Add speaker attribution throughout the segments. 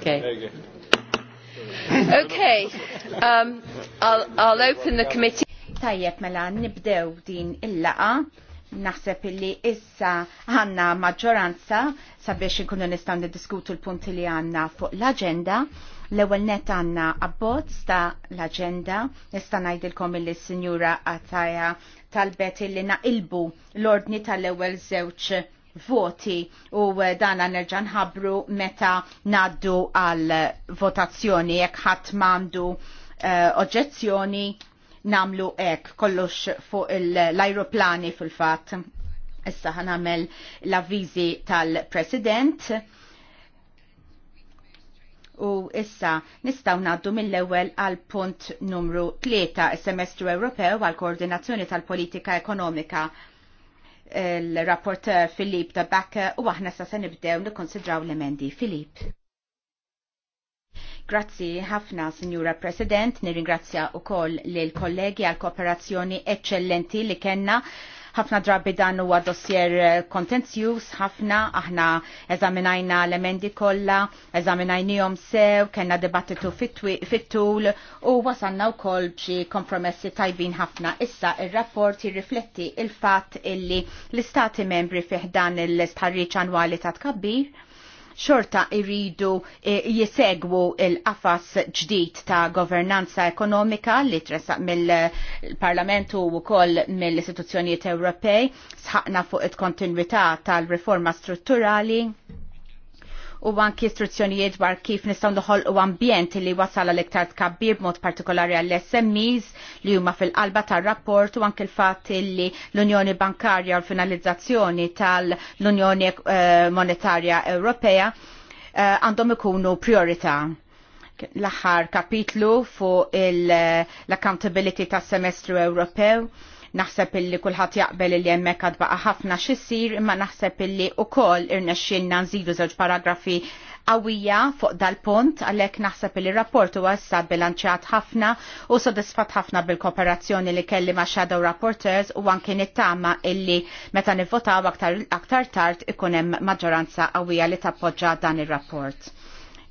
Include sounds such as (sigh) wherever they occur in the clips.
Speaker 1: Okay. Okay. Um, I'll, I'll open the committee.
Speaker 2: Tajjeb mela nibdew din il-laqa. Naħseb illi issa għanna maġġoranza sabiex inkunu nistgħu niddiskutu l-punti li għandna fuq l-aġenda. L-ewwel net għandna abbozz ta' l-aġenda. Nista' ngħidilkom illi s-Sinjura Ataja talbet illi naqilbu l-ordni tal-ewwel żewġ voti u eh, dan nerġa' nħabbru meta naddu għal votazzjoni jekk ħadd m'għandu uh, oġġezzjoni namlu ek kollox fuq l-ajruplani fil-fat. Issa għamel l-avvizi tal-president. U issa nistaw naddu mill-ewel għal punt numru 3 semestru Ewropew għal koordinazzjoni tal-politika ekonomika il-rapporter Filip da Bacca u aħna sa' se nibdew nikkonsidraw l-emendi. Filip. Grazzi ħafna, Signora President, nirringrazzja u koll l-kollegi għal kooperazzjoni eccellenti li kena ħafna drabi dan huwa dossier kontenzjuż eh, ħafna aħna eżaminajna l-emendi kollha, eżaminajnihom sew, kellna dibattitu fit-tul u wasanna wkoll b'xi kompromessi tajbin ħafna. Issa ir-rapport jirrifletti il-fatt illi l-istati membri fih dan il-istħarriċ annwali ta' tkabbir xorta iridu eh, jisegwu il-qafas ġdid ta' governanza ekonomika li tresaq mill-parlamentu u koll mill-istituzzjonijiet Ewropej, sħaqna fuq it-kontinuità tal-riforma strutturali u anki istruzzjonijiet dwar kif nistgħu noħolqu ambjent li wasal għal iktar tkabbir b'mod partikolari għall smes li huma fil-qalba tar-rapport u anki l-fatt li l-Unjoni Bankarja u l-finalizzazzjoni tal-Unjoni eh, Monetarja Ewropea eh, għandhom ikunu priorità l-aħħar kapitlu fuq l-accountability tas-semestru Ewropew Naħseb illi kulħadd jaqbel illi hemmhekk għad baqa' ħafna xissir imma naħseb illi wkoll irnexxinna nżidu żewġ paragrafi qawwija fuq dal-punt għalhekk naħseb li rapport huwa issa bilanċjat ħafna u sodisfat ħafna bil-kooperazzjoni li kelli ma' shadow rapporteurs u anke nittama illi meta nivvotaw aktar, aktar tard ikun hemm maġġoranza qawwija li tappoġġa dan ir-rapport.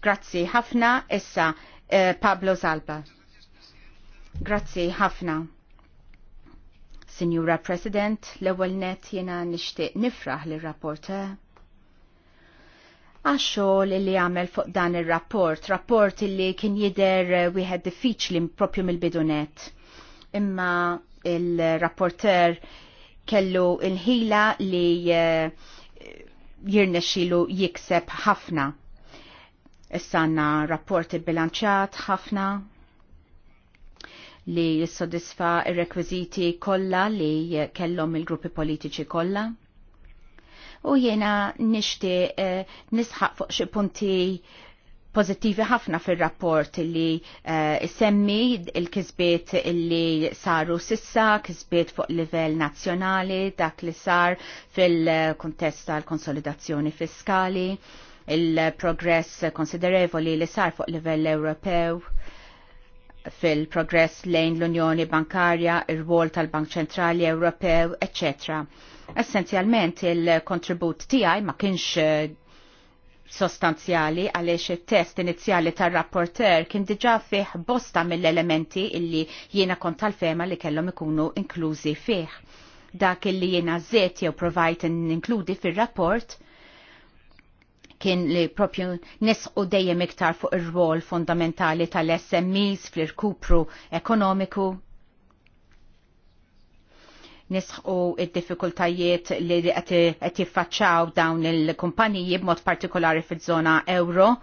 Speaker 2: Grazzi ħafna issa eh, Pablo Zalba. Grazzi ħafna. Sinjura President, l-ewwel net jiena nixtieq nifraħ lir rapporter għaxxol li għamel fuq dan il-rapport, rapport li kien jider eh, wieħed diffiċli propju mill-bidunet. Imma il-rapporter kellu il-ħila li eh, jirnexilu jikseb ħafna. Issa Issanna rapporti bilanċat ħafna, li jissodisfa il rekwiziti kollha li kellhom il-gruppi politiċi kollha. U jiena nishti eh, nisħaq fuq xi punti pozittivi ħafna fil-rapport li eh, semmi il-kizbiet li saru sissa, kizbiet fuq livell nazzjonali, dak li sar fil-kontest tal-konsolidazzjoni fiskali, il-progress konsiderevoli li sar fuq livell Ewropew fil-progress lejn l-Unjoni Bankarja, ir wol tal-Bank Ċentrali Ewropew, etc. Essenzjalment il-kontribut tiegħi ma kienx eh, sostanzjali għaliex il-test inizjali tar-rapporter kien diġa fih bosta mill-elementi illi jiena kont tal-fema li kellhom ikunu inklużi fih. Dak illi jiena żiet jew provajt in inkludi fir-rapport kien li propju nisqu dejjem iktar fuq ir-rwol fundamentali tal-SMEs fl-irkupru ekonomiku nisħu id-diffikultajiet li qed jiffaċċaw dawn il-kumpaniji b'mod partikolari fiż-żona euro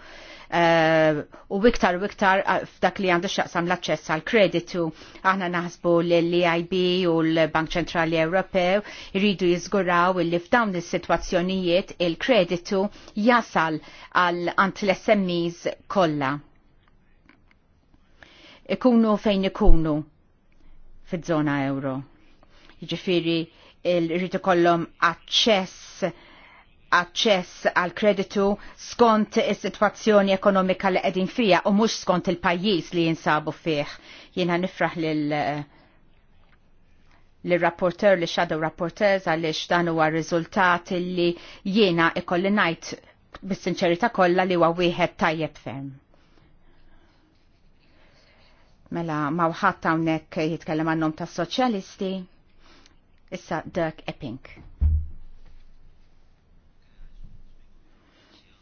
Speaker 2: Eh, u iktar u iktar eh, f'dak li għandu xaqsam l-aċċess għal kreditu. Aħna naħsbu l-EIB u l-Bank Ċentrali Ewropew iridu jiżguraw illi f'dawn is-sitwazzjonijiet il-kreditu jasal għal ant l-SMEs kollha. Ikunu fejn ikunu fid-żona euro. Jiġifieri rridu kollhom aċċess aċċess għal kreditu skont is-sitwazzjoni ekonomika li qegħdin fija u mhux skont il-pajjiż li jinsabu fih. Jiena nifraħ lil l-rapporter, li shadow rapporters għaliex dan huwa riżultat li jiena ikolli ngħid bis-sinċerità kollha li huwa wieħed tajjeb ferm. Mela ma wħadd hawnhekk jitkellem għannom tas-soċjalisti. Issa Dirk Epping.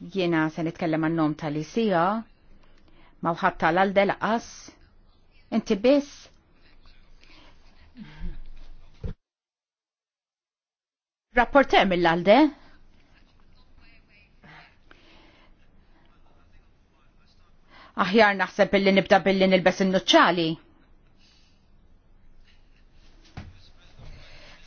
Speaker 2: Jiena se nitkellem għannom tal-isija, mawħat tal-alde laqas, inti biss. Rapporter mill-alde? Aħjar naħseb billi nibda billi nilbes in-nuċċali.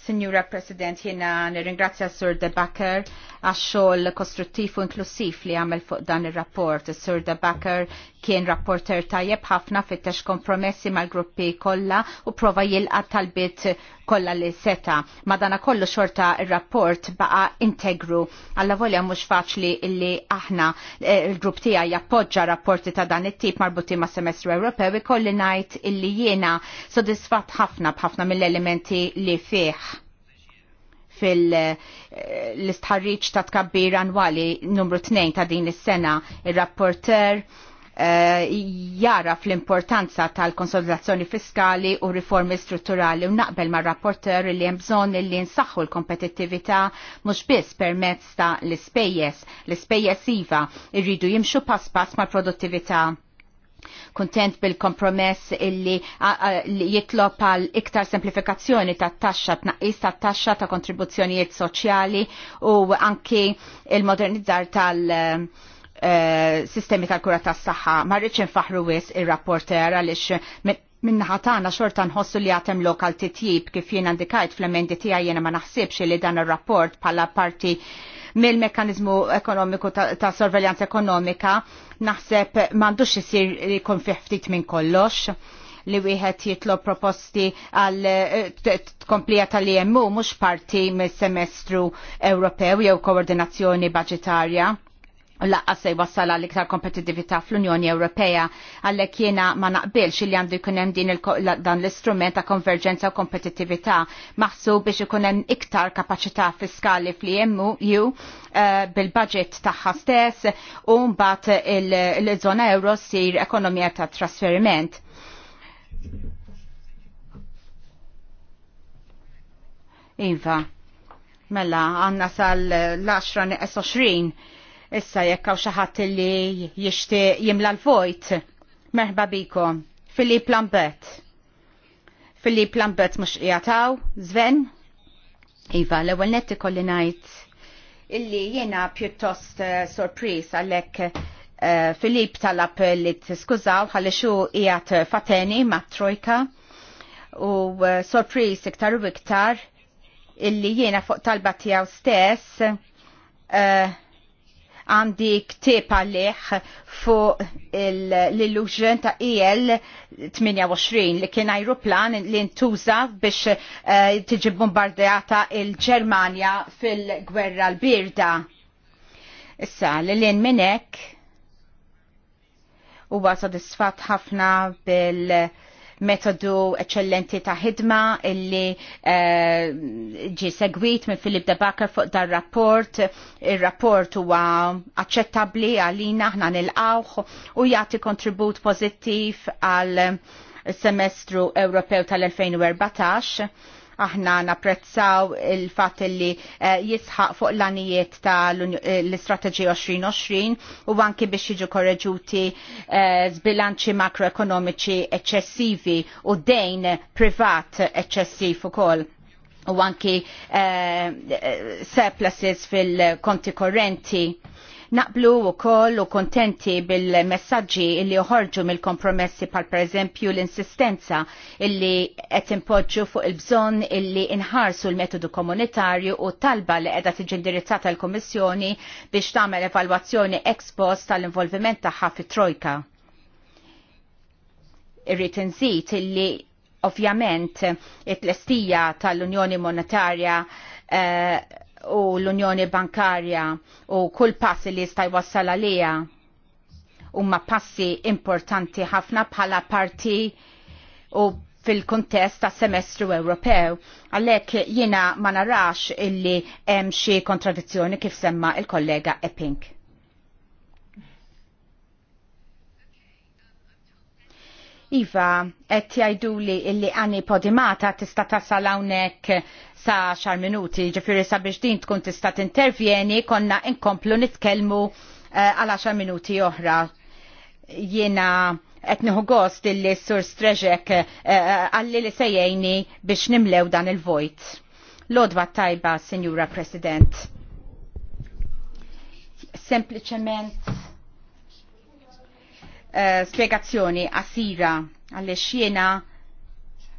Speaker 2: Signora President, jena nirringrazzja Sur De Backer għax xogħol kostruttiv u inklusiv li għamel fuq dan ir-rapport. Sur De Backer kien rapporter tajjeb ħafna fittex kompromessi mal-gruppi kollha u prova jilqa' talbiet kollha li seta. Madana kollu xorta ir-rapport baqa integru. Alla volja mhux faċli illi aħna eh, il-grupp tiegħi jappoġġa rapporti ta' dan it-tip marbuti ma' semestru Ewropew ikolli ngħid illi jiena sodisfatt ħafna b'ħafna mill-elementi li fih fil-istħarriċ eh, ta' tkabbir annwali numru 2 ta' din is-sena, ir-rapporter Eh, jara fl-importanza tal-konsolidazzjoni fiskali u riformi strutturali u naqbel ma' rapporter li hemm bżonn li nsaħħu l-kompetittività mhux biss permezz ta' l-ispejjeż. L-ispejjeż iva irridu jimxu pass pass ma' produttività kontent bil-kompromess illi jitlob għal iktar semplifikazzjoni ta' taxxa tnaqqis ta' taxxa ta' kontribuzzjonijiet soċjali u anki il-modernizzar tal- uh, Eh, sistemi tal-kura tas-saħħa. Ma rridx infaħru wis ir-rapporter għaliex Minnaħa tagħna xorta nħossu li għatem lokal titjib kif jiena ndikajt fl-emendi tiegħi jiena ma naħsibx li dan ir-rapport bħala parti mill mekanizmu ekonomiku ta', sorveljanza ekonomika naħseb m'għandux isir jkun fih ftit minn kollox li wieħed jitlob proposti għal eh, tkomplija tal imu mhux parti mis-semestru Ewropew jew koordinazzjoni budgetarja laqqas se jwassal l-iktar kompetitività fl-Unjoni Ewropea għallek jiena ma naqbilx li għandu jkun hemm din dan l-istrument ta' konverġenza u kompetitività maħsub biex ikun hemm iktar kapaċità fiskali fl-EMU eh, bil-budget tagħha stess u mbagħad il-żona euro sir ekonomija ta' trasferiment. Iva, mela għanna sal-10 20 Issa jekk hawn xi ħadd li jixtieq jimla l-vojt. Merħba biko, Filip Lambert. Filip Lambert mhux jataw, Zven. Iva, l-ewwel netti kolli ngħid illi jiena pjuttost uh, eh, sorpris għalhekk uh, eh, Filip talab li skużaw għalli xu qiegħed fateni mat trojka u uh, eh, sorpris iktar u iktar illi jiena fuq talba tiegħu stess uh, għandi ktib għalih fuq l-illusion ta' EL-28 li kien aeroplan li ntuża biex eh, tiġi bombardjata il-Ġermanja fil-gwerra l-birda. Issa, li l-in minnek huwa sodisfat ħafna bil- metodu eccellenti ta' ħidma illi uh, segwit minn Filip de Bakker fuq dar rapport il-rapport huwa aċċettabbli għalina aħna nilqawh u jagħti kontribut pożittiv għal semestru Ewropew tal-2014 Aħna napprezzaw il-fat li eh, jisħaq fuq l-anijiet ta' eh, l-Istrateġi 2020 u anki biex jiġu korreġuti eh, zbilanċi makroekonomiċi eccessivi u dejn privat eccessiv ukoll u anki surpluses fil-konti korrenti Naqblu u koll u kontenti bil-messagġi illi uħorġu mill-kompromessi pal per eżempju l-insistenza illi qed impoġġu fuq il-bżonn illi inħarsu l-metodu komunitarju u talba li qiegħda tiġi indirizzata l kummissjoni biex tagħmel evalwazzjoni ex post tal-involviment tagħha fit-Trojka. Irrid inżid illi ovvjament it-tlestija tal-Unjoni Monetarja uh, u l-Unjoni Bankarja u kull pass li jista' jwassal għalija huma passi importanti ħafna bħala parti u fil-kontest ta' semestru Ewropew. Għalhekk jiena ma narax illi hemm xi kontradizzjoni kif semma il-kollega Epping. Iva, et jajdu li illi għani podimata tista tasal hawnhekk sa xar minuti, ġifiri sabiex din tkun tista t-intervjeni, konna inkomplu nitkelmu eh, għal uh, xar minuti oħra. Jena etniħu gost illi sur streġek eh, għalli uh, li sejjeni biex nimlew dan il-vojt. Lodwa tajba, Signora President. Sempliciment Eh, spiegazzjoni qasira għaliex jiena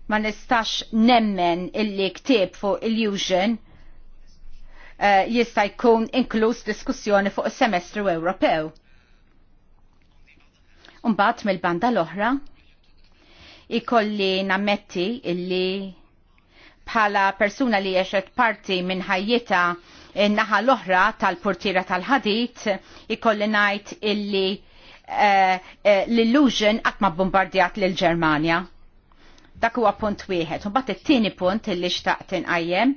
Speaker 2: ma nistax nemmen illi ktib fuq Illusion eh, jista' jkun inkluż diskussjoni fuq is-semestru Ewropew. Umbagħad mill-banda l-oħra ikolli nammetti illi bħala persuna li jexet parti minn ħajjita naħa l-oħra tal-portira tal-ħadit ikolli najt illi Eh, eh, l-illusion qatt ma bombardjat lil ġermanja Dak huwa punt wieħed. bat it-tieni punt illi xtaqt inqajjem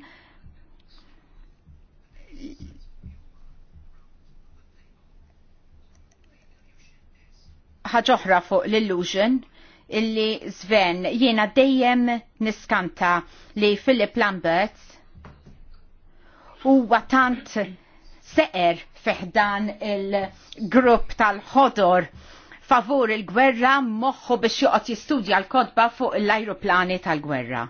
Speaker 2: ħaġoħra fuq l-illusion illi Sven jiena dejjem niskanta li Philip Lambert huwa tant seqer fiħdan il-grupp tal-ħodor favur il-gwerra moħħu biex joqgħod jistudja l-kodba fuq l-ajruplani tal-gwerra.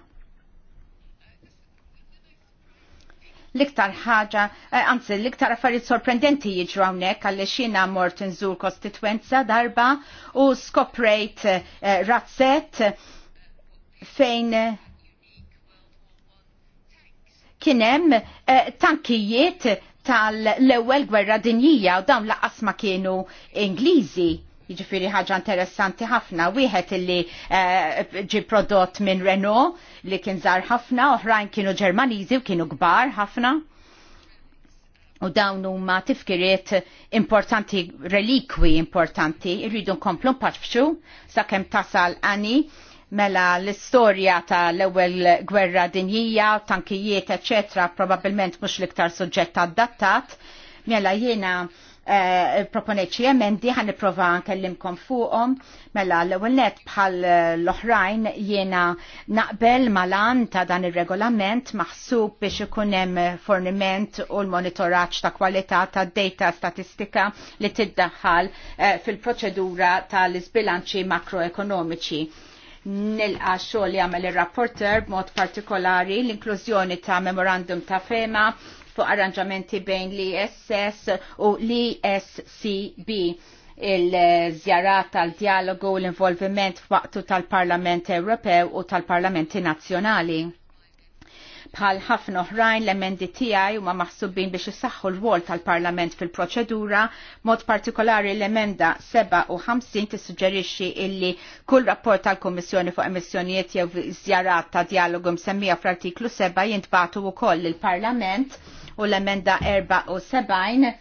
Speaker 2: L-iktar ħaġa, eh, anzi, l-iktar affarijiet sorprendenti jiġru hawnhekk għaliex jiena mort nżur kostitwenza darba u skoprejt eh, razzett fejn eh, kienem eh, tankijiet tal-ewwel gwerra dinjija u dawn laqas ma kienu Ingliżi. Jiġifieri ħaġa interessanti ħafna, wieħed illi eh, ġi uh, prodott minn Renault li kien żar ħafna, oħrajn kienu Ġermaniżi u kienu kbar ħafna. U dawn huma tifkiriet importanti, relikwi importanti, irridu nkomplu mpaċċu sakemm tasal ani mela l-istorja ta' l-ewel gwerra dinjija, tankijiet, eccetera, probabilment mux liktar suġġett adattat, mela jiena eh, xi emendi ħan nipprova nkellimkom fuqhom mela l-ewwel net bħal l-oħrajn jiena naqbel malan ta' dan ir-regolament maħsub biex ikun hemm forniment u l-monitoraġġ ta' kwalità ta' data statistika li tiddaħħal eh, fil-proċedura tal-isbilanċi makroekonomiċi nilqa xogħol li jagħmel ir-rapporter b'mod partikolari l-inklużjoni ta' memorandum ta' fema fuq arranġamenti bejn l-ISS u l-ISCB il-żjarat tal-dialogu u l-involviment f'waqtu tal-Parlament Ewropew u tal-Parlamenti Nazzjonali. Bħal ħafna oħrajn l-emendi tiegħi huma maħsubin biex isaħħu l-wol tal-Parlament fil-proċedura, mod partikolari l-emenda 57 tissuġġerixxi illi kull rapport tal-Kummissjoni fuq emissjonijiet jew żjarat ta' dialogu msemmija fl-artiklu 7 jintbagħtu wkoll il-Parlament u l-emenda 74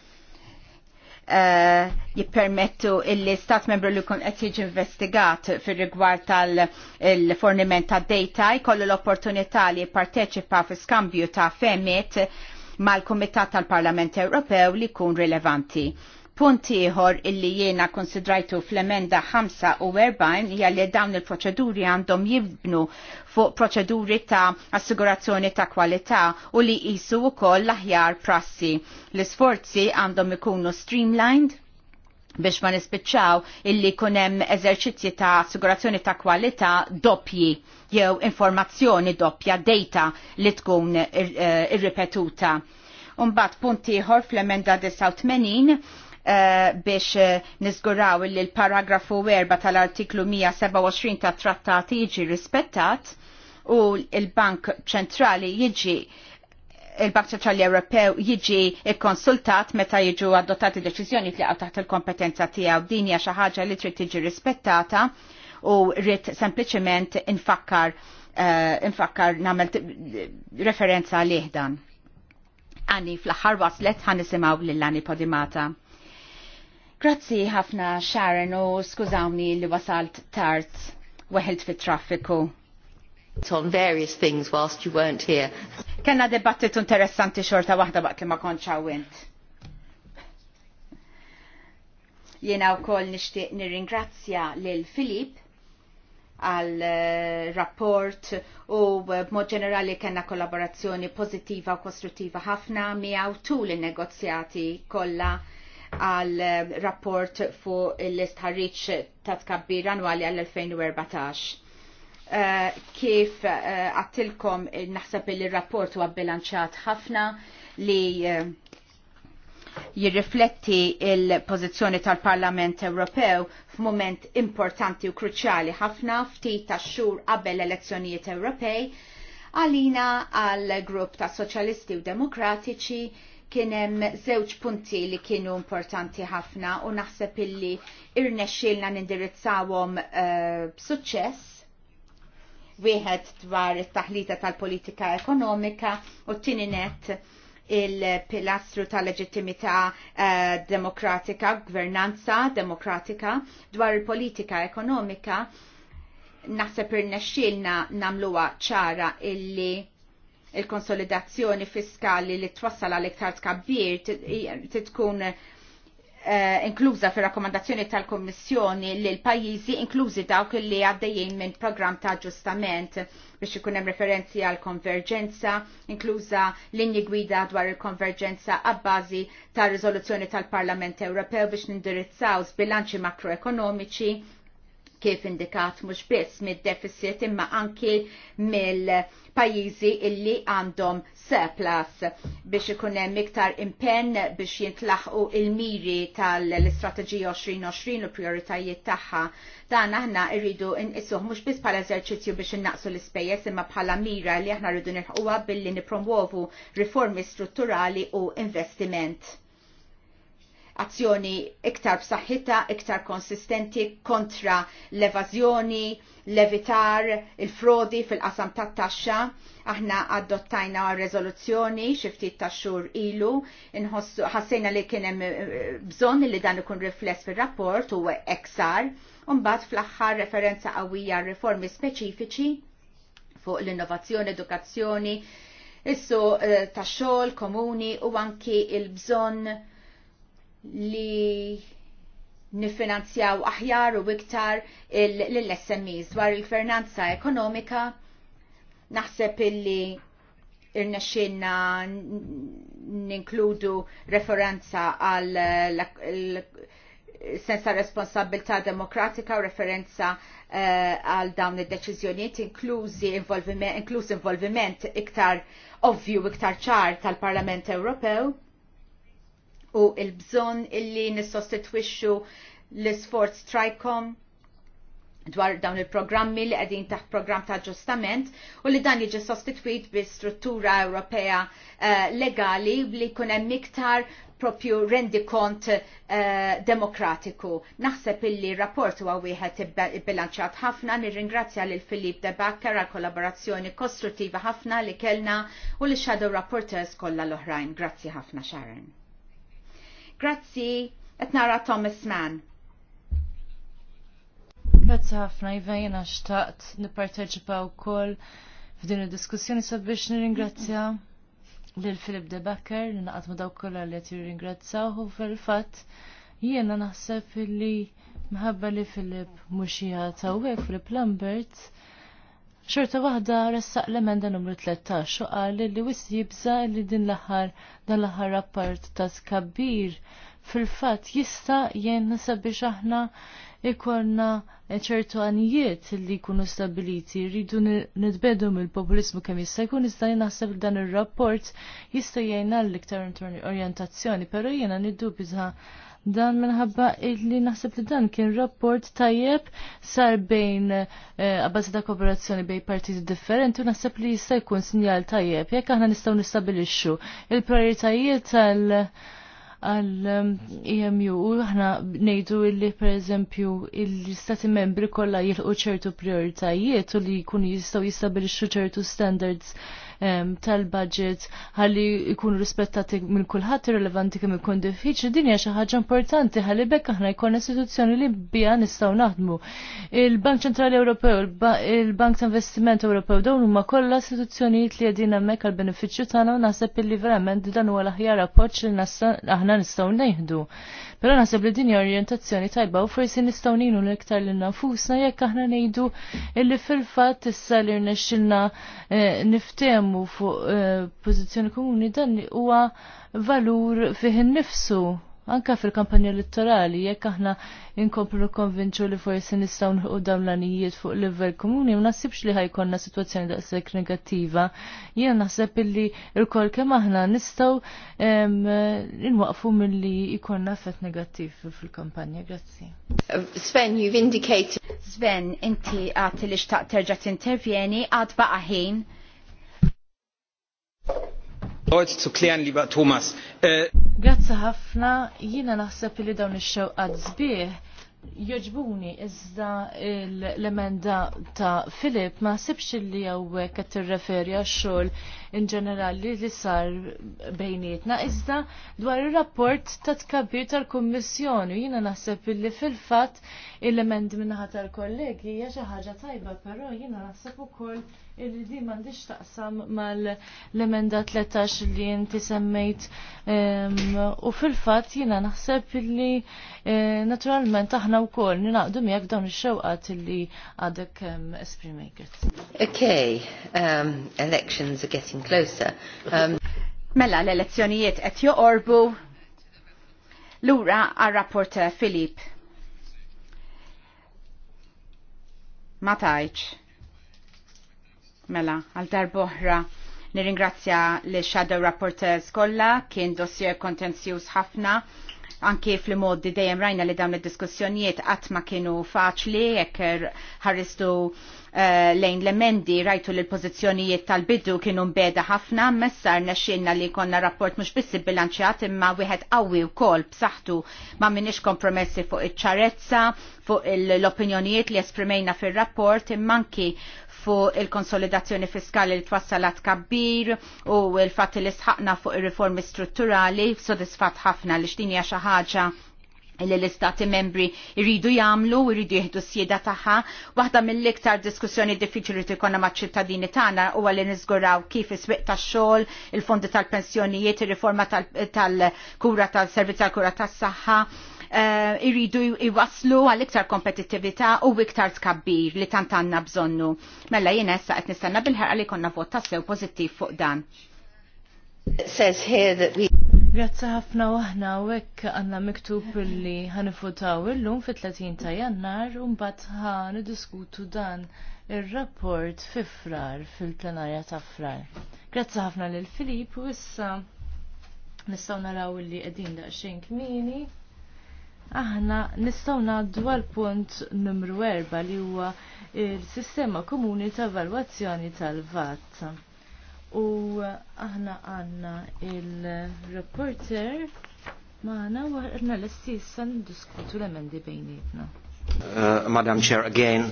Speaker 2: Eh, jippermettu illi stat membru li kun qed jiġi investigat fir rigward tal-forniment ta' data jkollu l-opportunità li jipparteċipa fi skambju ta' femmit mal-Kumitat tal-Parlament Ewropew li kun rilevanti. Punt ieħor illi jiena konsidrajtu fl-emenda 45 hija li dawn il-proċeduri għandhom jibnu fuq proċeduri ta' assigurazzjoni ta' kwalità u li jisu wkoll l-aħjar prassi. L-isforzi għandhom ikunu streamlined biex ma nispiċċaw illi kunem eżerċizzji ta' assigurazzjoni ta' kwalità doppji jew informazzjoni doppja data li tkun irripetuta. Ir eh, ir Umbat punti ieħor fl-emenda 89 Eh, biex eh, nizguraw li l-paragrafu 4 tal-artiklu 127 tat trattat jiġi rispettat u il-Bank ċentrali jiġi il-Bank Ċentrali Ewropew jiġi konsultat meta jiġu adottati deċiżjoni li taħt il-kompetenza tiegħu din hija xi ħaġa li trid tiġi rispettata u rrid sempliċement infakkar uh, infakkar nagħmel referenza għalih dan. Għanni fl-aħħar waslet ħanisimgħu lill Lani Podimata. Grazzi ħafna Sharon u skużawni li wasalt tard weħelt fit traffiku. On various things whilst you weren't here. Kenna debattit interessanti xorta waħda baqt li ma konċ hawnint. Jiena wkoll nixtieq nirringrazzja lil Filip għal eh, rapport u b'mod ġenerali kena kollaborazzjoni pozittiva u kostruttiva ħafna miegħu tul in-negozjati kollha għal eh, rapport fuq l ħarriċ ta' tkabbir annwali għal-2014. Eh, kif eh, għattilkom naħseb li rapport huwa għabbilanċat ħafna li jirrifletti il-pozizjoni tal-Parlament Ewropew f'mument importanti u kruċjali ħafna ftit ta' xhur qabel elezzjonijiet Ewropej għalina għal grupp ta' Soċjalisti u Demokratiċi kien hemm żewġ punti li kienu importanti ħafna u naħseb illi irnexxielna nindirizzawhom uh, b'suċċess wieħed dwar it-taħlita tal-politika ekonomika u t-tieni net il-pilastru tal-leġittimità eh, demokratika, gvernanza demokratika dwar il-politika ekonomika naħseb irnexxielna nagħmluha ċara illi il-konsolidazzjoni fiskali li twassal għal iktar tkabbir tkun eh, inkluża fir rakkomandazzjoni tal-Kommissjoni li l-pajjiżi inklużi dawk li għaddejjin minn programm ta' ġustament biex ikun hemm referenzi għal konverġenza, inkluża linji gwida dwar il-konverġenza għabbażi ta' riżoluzzjoni tal-Parlament Ewropew biex nindirizzaw bilanċi makroekonomiċi kif indikat mhux biss mid-deficit imma anki mill-pajjiżi illi għandhom surplus biex ikun hemm iktar impenn biex jintlaħqu il-miri tal-istrateġija 2020 u prioritajiet tagħha. Dan aħna rridu nqisuh mhux biss bħala eżerċizzju biex innaqsu l-ispejjeż imma bħala mira li aħna rridu nilħquha billi nipromuovu riformi strutturali u investiment azzjoni iktar b'saħħitha, iktar konsistenti kontra l-evażjoni, l-evitar, il-frodi fil-qasam tat taxxa. Aħna adottajna rezoluzzjoni xiftit ta' xhur ilu, inħossu ħassejna li kien hemm eh, bżonn li dan ikun rifless fir-rapport u eksar, u mbagħad fl-aħħar referenza qawwija riformi speċifiċi fuq l-innovazzjoni, edukazzjoni, issu eh, ta' xogħol komuni u anki il-bżonn li nifinanzjaw aħjar u iktar l-SMEs dwar il-gvernanza ekonomika naħseb illi irnexxinna ninkludu referenza għal sensa responsabilità demokratika u referenza eh, għal dawn id-deċiżjonijiet inklużi involviment, inklus involviment iktar ovvju iktar ċar tal-Parlament Ewropew u il-bżon illi nissostitwixxu l-sforz trajkom dwar dawn il-programmi li għedin taħt program ta' ġustament u li dan jiġi sostitwit bi struttura Ewropea uh, legali li kunem miktar propju rendi kont uh, eh, demokratiku. Naħseb illi rapport huwa wieħed bilanċat ħafna, nirringrazzja lil Filip De Bakker għal kollaborazzjoni kostruttiva ħafna li kellna u li shadow rapporters kollha l-oħrajn. Grazzi ħafna Sharon.
Speaker 3: Grazzi, etnara Thomas Mann. Grazzi ħafna, jivajna xtaqt niparteċipa u koll f'din il-diskussjoni sabiex nir-ingrazzja l-Filip De Becker, li naqat ma daw kolla li għati u fil-fat, jiena naħseb li mħabba li Filip muxija ta' u Filip Lambert, Xorta waħda ressaq l-emenda numru 13 u qal li wis jibża li din l-aħħar dan l-aħħar rapport ta' skabbir fil-fatt jista' jenna sabiex aħna ikorna ċertu għanijiet li jkunu stabiliti rridu nitbedu mill-populizmu kemm jista' jkun iżda naħseb dan ir-rapport jista' jgħinna l-iktar orientazzjoni, però jiena niddu biża' dan minħabba li naħseb li dan kien rapport tajjeb sar bejn għabbażi eh, ta' kooperazzjoni bejn partiti differenti u naħseb li jista' jkun sinjal tajjeb jekk aħna nistgħu nistabilixxu il-prioritajiet tal għal-EMU eh, e u aħna nejdu illi per eżempju l-istati membri kollha jilqu ċertu prioritajiet u li jkunu jistgħu jistabilixxu ċertu standards tal-budget ħalli jkunu rispettati minn kulħadd irrelevanti kemm ikun diffiċli din hija xi ħaġa importanti ħalli bekk aħna jkollna istituzzjoni li biha nistgħu naħdmu. Il-Bank Ċentrali Ewropew, il-Bank ta' Investiment Ewropew dawn huma kollha istituzzjonijiet li qegħdin hemmhekk għall benefiċċju tagħna u naħseb illi verament dan huwa l-aħjar appoġġ li aħna nistgħu ngħidu. Pero naħseb li din orientazzjoni tajba u forsi nistgħu ninu l-iktar lil nafusna jekk aħna ngħidu illi fil-fatt issa li rnexxilna eh, niftehmu fuq eh, pożizzjoni komuni dan huwa valur fih innifsu anka fil-kampanja elettorali jekk aħna inkomplu konvinċu li forsi nistgħu nħuqu dawn l-anijiet fuq livell komuni ma nasibx li ħajkonna sitwazzjoni daqshekk negattiva. Jien naħseb illi l-kol kemm aħna nistgħu inwaqfu milli jkollna effett negattiv fil-kampanja. Grazzi. Sven, you've indicated.
Speaker 2: Sven, inti għati li xtaq terġa' t-intervjeni għad baqa' ħin.
Speaker 1: Deutsch zu klären, lieber Thomas. Äh,
Speaker 3: Grazzi ħafna, jiena naħseb li dawn ix-xewqat sbieħ joġbuni iżda l-emenda ta' Filip ma' sebx li għawek għat referja xol in ġenerali li sar bejnietna iżda dwar il-rapport ta' tkabbir tal-kommissjoni jina naħseb li fil-fat l emendi minnaħat tal-kollegi jaxa ħaġa tajba pero jina naħseb u koll illi di mandiċ taqsam mal-emenda 13 li jinti semmejt u fil-fat jina naħseb li eh, naturalment aħna u kol ninaqdu miegħek dawn ix-xewqat li għadek esprimejket. Okay,
Speaker 2: um, elections are getting closer. Um... Mela l-elezzjonijiet qed joqorbu lura għal rapporta Filip. Ma tajċ. Mela, għal darboħra nirringrazzja li shadow rapporteurs kollha kien dossier kontenzjuż ħafna anke fl-modi dejjem rajna li dawn id-diskussjonijiet qatt ma kienu faċli jekk er ħarristu eh, lejn l-emendi rajtu li l-pożizzjonijiet tal-bidu kienu mbeda ħafna messar nesċinna li konna rapport mhux biss bilanċjat imma wieħed qawwi wkoll b'saħħtu ma minniex kompromessi fuq iċ-ċarezza fuq l-opinjonijiet li esprimejna fir-rapport imma anki fuq il-konsolidazzjoni fiskali li twassalat kabbir u l fat li sħaqna fuq ir-riformi strutturali sodisfat ħafna li xtinja xi ħaġa li l-istati membri jridu jamlu, jridu jihdu s-sieda taħħa. Waħda mill-iktar diskussjoni diffiċli li konna maċ ċittadini tagħna huwa li niżguraw kif is-swieq tax-xogħol, il-fondi tal-pensjonijiet, ir-riforma tal-kura tal-servizz tal-kura tas-saħħa. tal pensjonijiet ir riforma tal kura tal servizz tal kura tas saħħa tal tal kura tas saħħa Eh, iridu iwaslu għal iktar kompetittività u iktar tkabbir li tant għandna bżonnu. Mella jiena issa qed nistenna bil-ħarqa li konna vot tassew pożittiv
Speaker 3: fuq dan. Grazzi ħafna waħna u hekk għandna miktub li ħanifutaw illum fit-30 ta' Jannar u mbagħad ħanidiskutu dan ir-rapport fi frar fil-plenarja ta' frar. Grazzi ħafna lil Filip u issa nistgħu naraw li qegħdin daqsxejn kmieni aħna nistgħu ngħaddu għal punt numru 4 li huwa il-sistema komuni ta' valwazzjoni tal-VAT. U aħna għanna il-reporter maħna u għanna l-istissa diskutu l-emendi bejnietna.
Speaker 2: Uh, Madam Chair,
Speaker 1: again,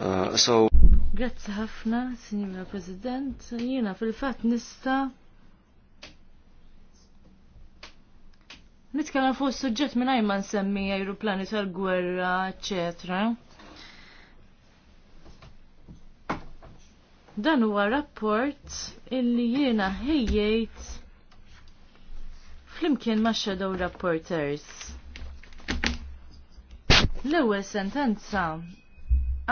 Speaker 1: uh, so...
Speaker 3: Grazzi ħafna, Signora President, jiena fil-fat nista' nitkellem fuq suġġett minn ma nsemmi ajruplani tal-gwerra, eċetera. Dan huwa rapport illi jiena ħejjejt flimkien ma' Shadow Rapporters. L-ewwel sentenza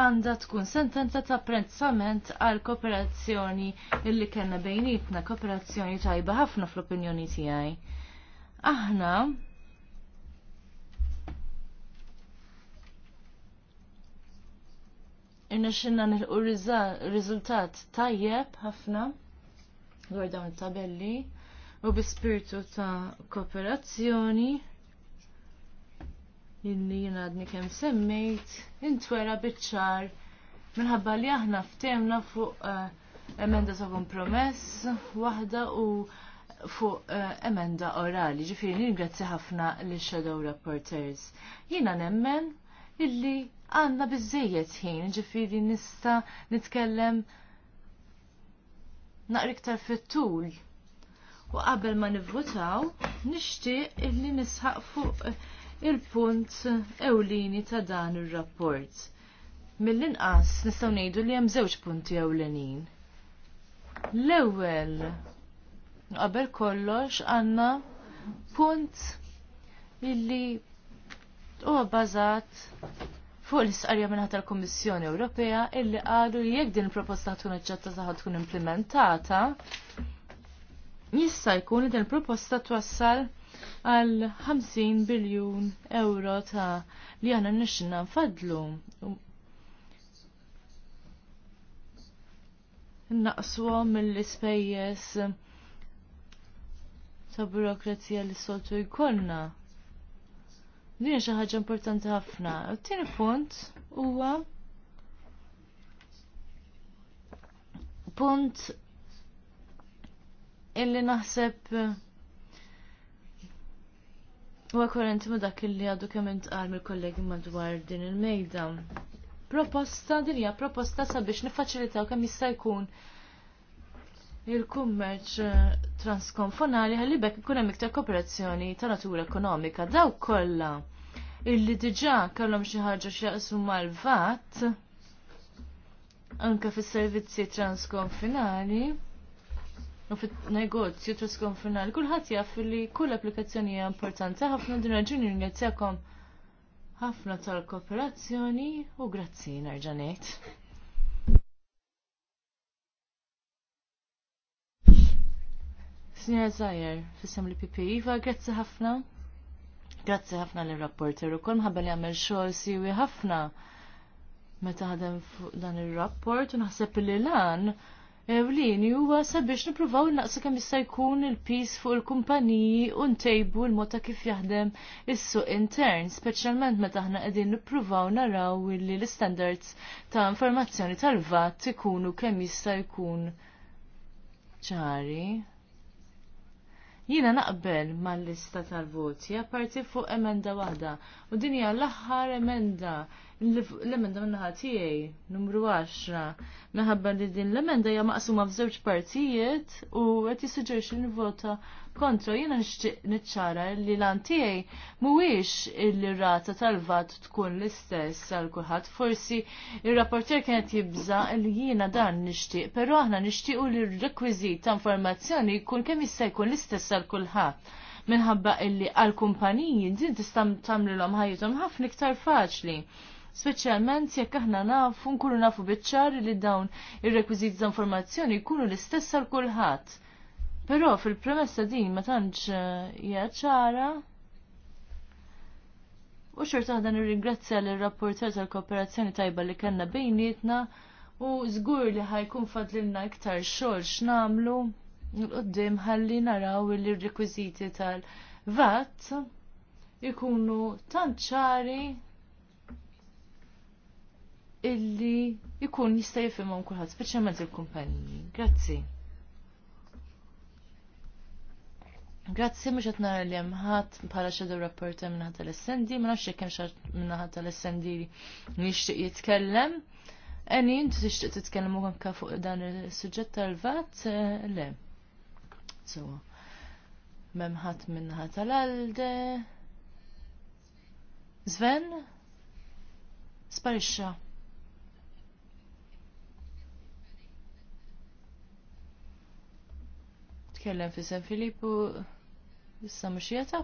Speaker 3: għandha tkun sentenza ta' apprezzament għal kooperazzjoni illi kellna bejnietna, kooperazzjoni tajba ħafna fl-opinjoni tiegħi. Aħna Irnexxinna nilqu riżultat tajjeb ħafna dwar dawn it-tabelli u bi spiritu ta' kooperazzjoni inni jina għadni kem semmejt intwera bitċar minħabba li aħna ftemna fuq eh, emenda ta' kompromess waħda u fuq eh, emenda orali, ġifiri ringrazzi ħafna li shadow reporters. Jina nemmen illi għanna bizzejiet ħin, ġifiri nista nitkellem naqriktar fit-tul. U qabel ma nivvutaw, nixtieq illi nisħaq fuq eh, il-punt ewlini ta' dan ir-rapport. Mill-inqas nistgħu ngħidu li hemm żewġ punti ewlenin. L-ewwel qabel kollox għanna punt illi huwa bażat fuq l-isqarja minn tal-Kummissjoni Ewropea illi qalu li jekk din il-proposta tkun iġġetta saħħa tkun implementata, jista' jkun li din il-proposta twassal għal 50 biljun euro ta' li għana nixinna nfadlu. Naqswa mill-ispejjes ta' burokrazija li soltu jkollna. Din xi ħaġa importanti ħafna. tieni punt huwa punt illi naħseb huwa korrenti ma dak illi għadu kemm intqal mill-kollegi madwar din il-mejda. Proposta din hija proposta sabiex nifaċilitaw kemm jista' jkun il-kummerċ eh, transkonfonali għalli bekk ikun hemm iktar kooperazzjoni ta' natura ekonomika daw kollha illi diġà kellhom xi ħaġa x'jaqsmu mal-vat anke fis-servizzi transkonfinali u fit-negozju transkonfinali kulħadd jaf li kull applikazzjoni hija importanti ħafna din raġuni ringrazzjakom ħafna tal-kooperazzjoni u grazzi nerġa' Signora Zajer, fissem li pipi, Iva, grazzi ħafna. Grazzi ħafna li rapporter u kol mħabba li għamil xol siwi ħafna. Meta ħadem dan il-rapport u naħseb li lan Ewlini huwa sabiex nipruvaw naqsu kemm jista' jkun il-pis fuq il-kumpaniji u ntejbu l-mota kif jaħdem is-suq intern, speċjalment meta aħna qegħdin nippruvaw naraw li l-istandards ta' informazzjoni tal-vat ikunu kemm jista' jkun ċari. Jiena naqbel mal-lista tal-voti, apparti fuq emenda waħda, u din hija l-aħħar emenda l-emenda minnaħa tiegħi numru 10 minħabba li din l-emenda hija maqsuma f'żewġ partijiet u qed li nivvota kontra jiena nixtieq niċċara li lan tiegħi mhuwiex il-rata tal-vat tkun l-istess għal kulħadd. Forsi ir-rapporter kienet jibża li jiena dan nixtieq, però aħna nixtiequ li r-rekwiżit ta' informazzjoni jkun kemm jista' jkun l-istess għal kulħadd minħabba illi għal-kumpaniji din tista' tagħmlilhom ħajjithom ħafna iktar faċli speċjalment jekk aħna nafu nkunu nafu biċ li dawn ir-rekwiżiti ta' informazzjoni jkunu l-istess għal kulħadd. Però fil-premessa din ma tantx eh, hija ċara. U xorta ħadan nirringrazzja l rapporter tal-kooperazzjoni tajba li kellna bejnietna u żgur li ħajkun fadlilna iktar xogħol x'namlu l-qoddim ħalli naraw r rekwiżiti tal-vat ikunu tant ċari illi ikun jista' jifhimhom kulħadd, speċjalment il-kumpanji. Grazzi. Grazzi mhux qed nara li hemm ħadd bħala shadow rapporter minn ħadd tal-essendi, ma nafx jekk hemm xi minn ħadd tal-essendi nixtieq jitkellem. Eni, inti tixtieq titkellem anke fuq dan is-suġġett tal-vat? Eh, le. So, M'hemm ħadd għat tal-alde. Sven? Sparixxa. Kellem fi San Filippo issa mhux jeta.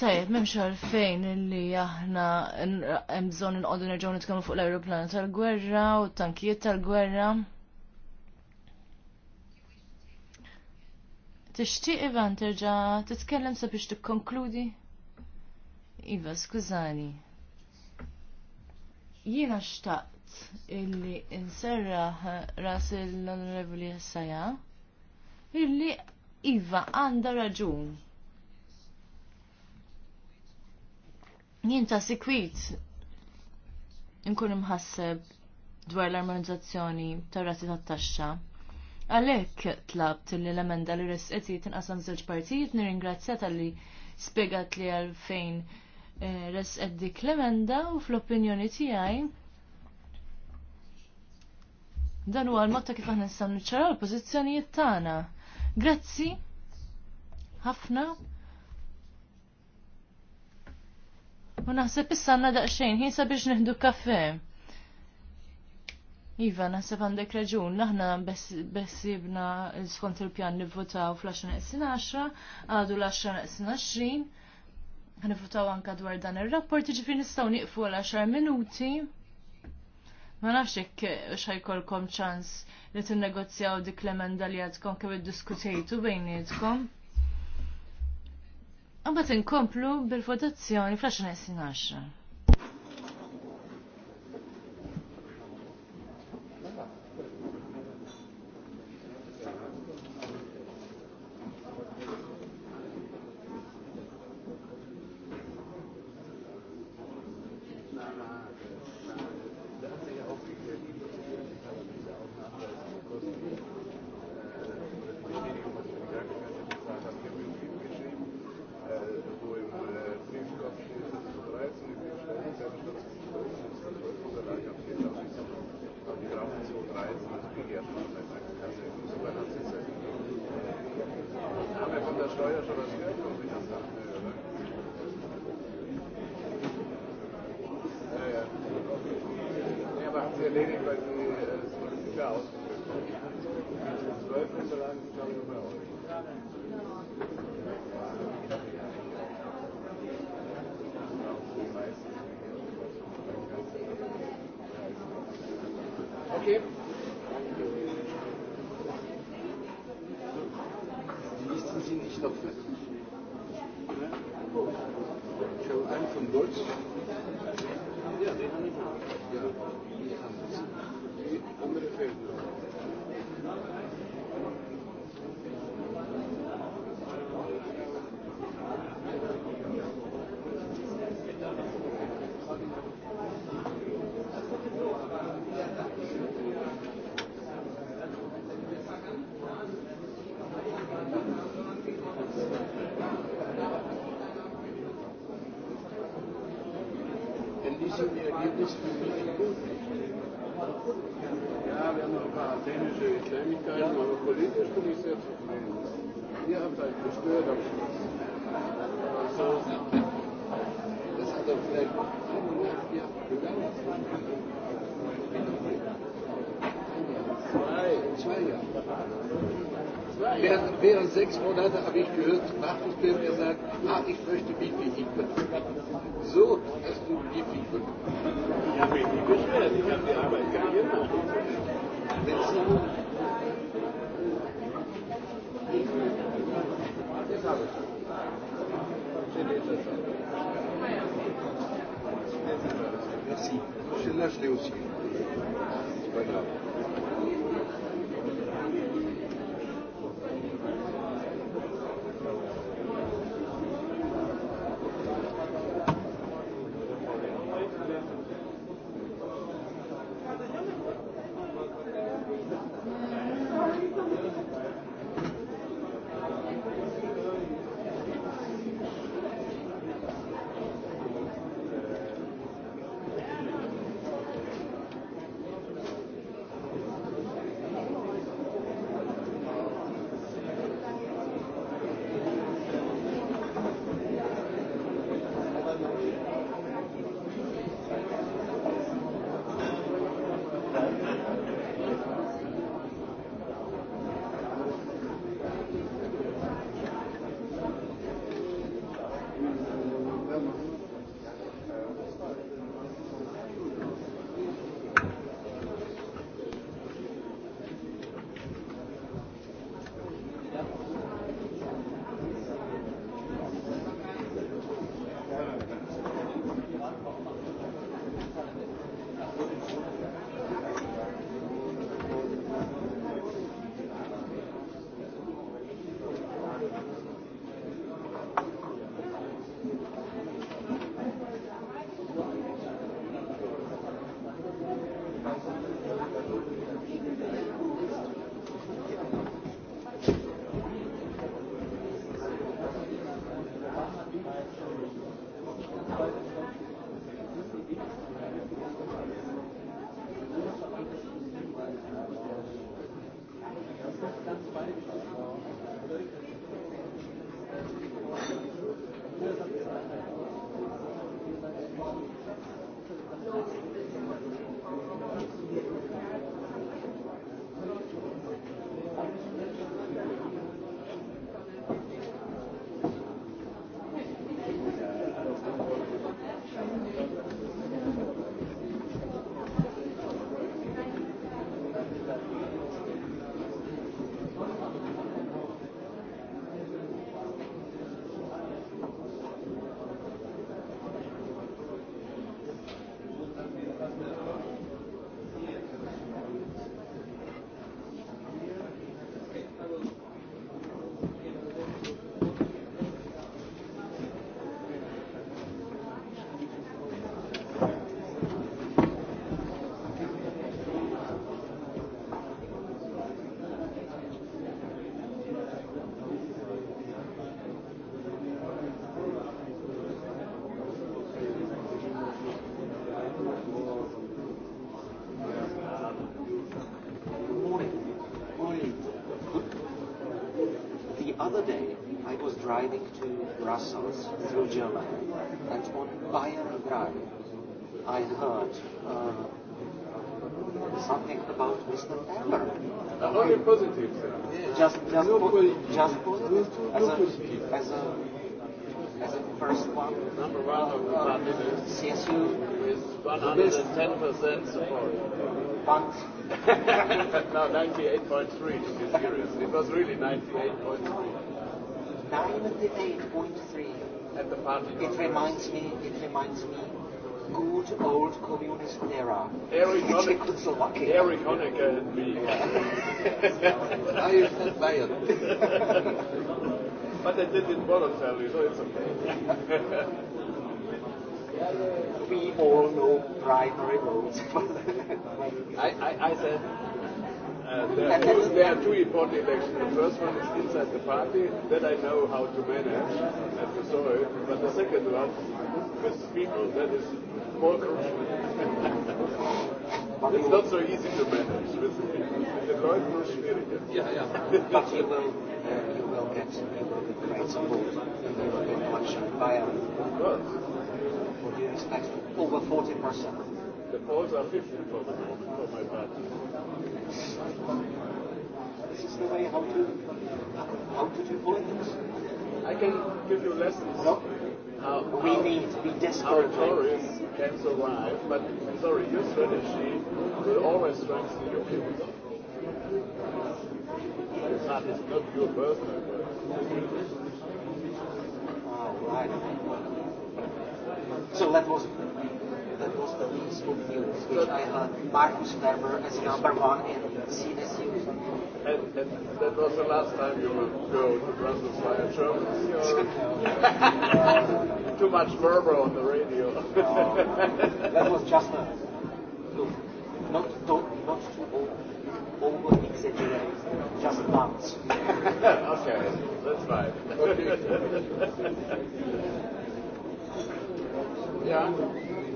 Speaker 3: Tajjeb, memx għalfejn li aħna hemm bżonn inqogħdu nerġgħu nitkellmu fuq l-ajruplan tal-gwerra u t-tankijiet tal-gwerra. Tixtieq Ivan terġa' titkellem sabiex tikkonkludi? Iva, skużani. Jiena xtaqt illi inserraħ ras l-Onorevoli Sajja illi Iva għanda raġun. Jien ta' sikwit nkun imħasseb dwar l-armonizzazzjoni tar rati ta' taxxa Għalhekk tlab tilli l-emenda li resqeti tinqasam żewġ partijiet nirringrazzja li spjegat li għalfejn eh, resqet dik l-emenda u fl-opinjoni tiegħi dan huwa l-mod ta' kif aħna nistgħu niċċaraw l-pożizzjonijiet tagħna. Grazzi ħafna. U naħseb issa għandna daqsxejn ħin sabiex neħdu kafè. Iva, naħseb għandek raġun, naħna bessibna skont il-pjan nivvotaw fl-10 naqsin 10, għadu l-10 naqsin 20, ħanivvotaw anka dwar dan ir rapport ġifir nistgħu nieqfu għal 10 minuti. Ma nafx jekk xajkolkom ċans li t-negozjaw dik l-emenda li għadkom kemm iddiskutejtu bejnietkom. Imbagħad inkomplu bil-votazzjoni fl-10 10.
Speaker 1: sind die Ergebnisse für mich gut. Ja, wir haben noch ein paar dänische Kleinigkeiten, ja. aber politisch bin ich sehr Während, während sechs Monate habe ich gehört, nach dem Film gesagt, ah, ich möchte mich Bifihippen. So hast du Bifihippen. Ich habe mich nicht beschwert, ich habe die Arbeit gar nicht gemacht. Merci. Je lâche les aussi. C'est pas grave. about Mr. Taylor. Only positive, sir. Just, just, no, po just positive. No, as, a, as a as a first one. Number one of the uh, um, candidates. CSU. With 110% support. But. (laughs) no, 98.3 to be serious. It was really 98.3. 98.3. At the party. It reminds me, it reminds me good old communist era. Eric Honecker. Eric Honecker and me. I
Speaker 4: said Bayern.
Speaker 1: but I did it voluntarily, so it's okay. we all know primary votes. I, I, I said Uh, (laughs) there, are two, there are two important elections. The first one is inside the party, that I know how to manage, as you saw it. But the second one, with people, that is more crucial. it's not so easy to manage with the Leute nur schwieriger. Yeah, yeah. But you will, uh, you will get great support in the European election via. Of What do you expect? Over 40%. The polls are 50 for, the, moment for my party. This is the way how to, how to do politics. I can give you lessons. No? How, we need to be desperate. How tourists can survive, but sorry, your strategy will always strengthen your people. It's not, it's not your personal. Oh, right. So that was that was the least good news, which I had Marcus Weber as number one in CSU. And, and that was the last time you would go to Brussels by a Or, too much verbal on the radio. no, that was just a look. Not, don't not too over, over exaggerate, just nuts. (laughs) okay, that's fine. Okay. (laughs) ja, ich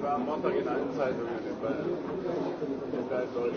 Speaker 1: war am Montag in allen Zeitungen in Deutschland.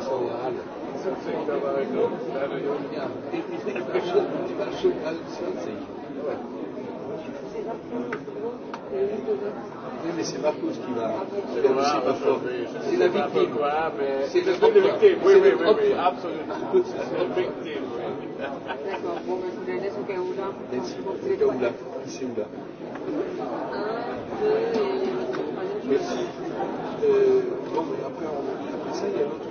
Speaker 1: C'est a Halle. Ja, ich denke, das schon, die war schon gerade 20. la victime. se la vittima, oui, oui, oui, absolutamente, se la vittima. Ecco, come adesso che è una, che è Un, deux, et... Merci. Euh, bon, après, on, après ça, il y a l'autre.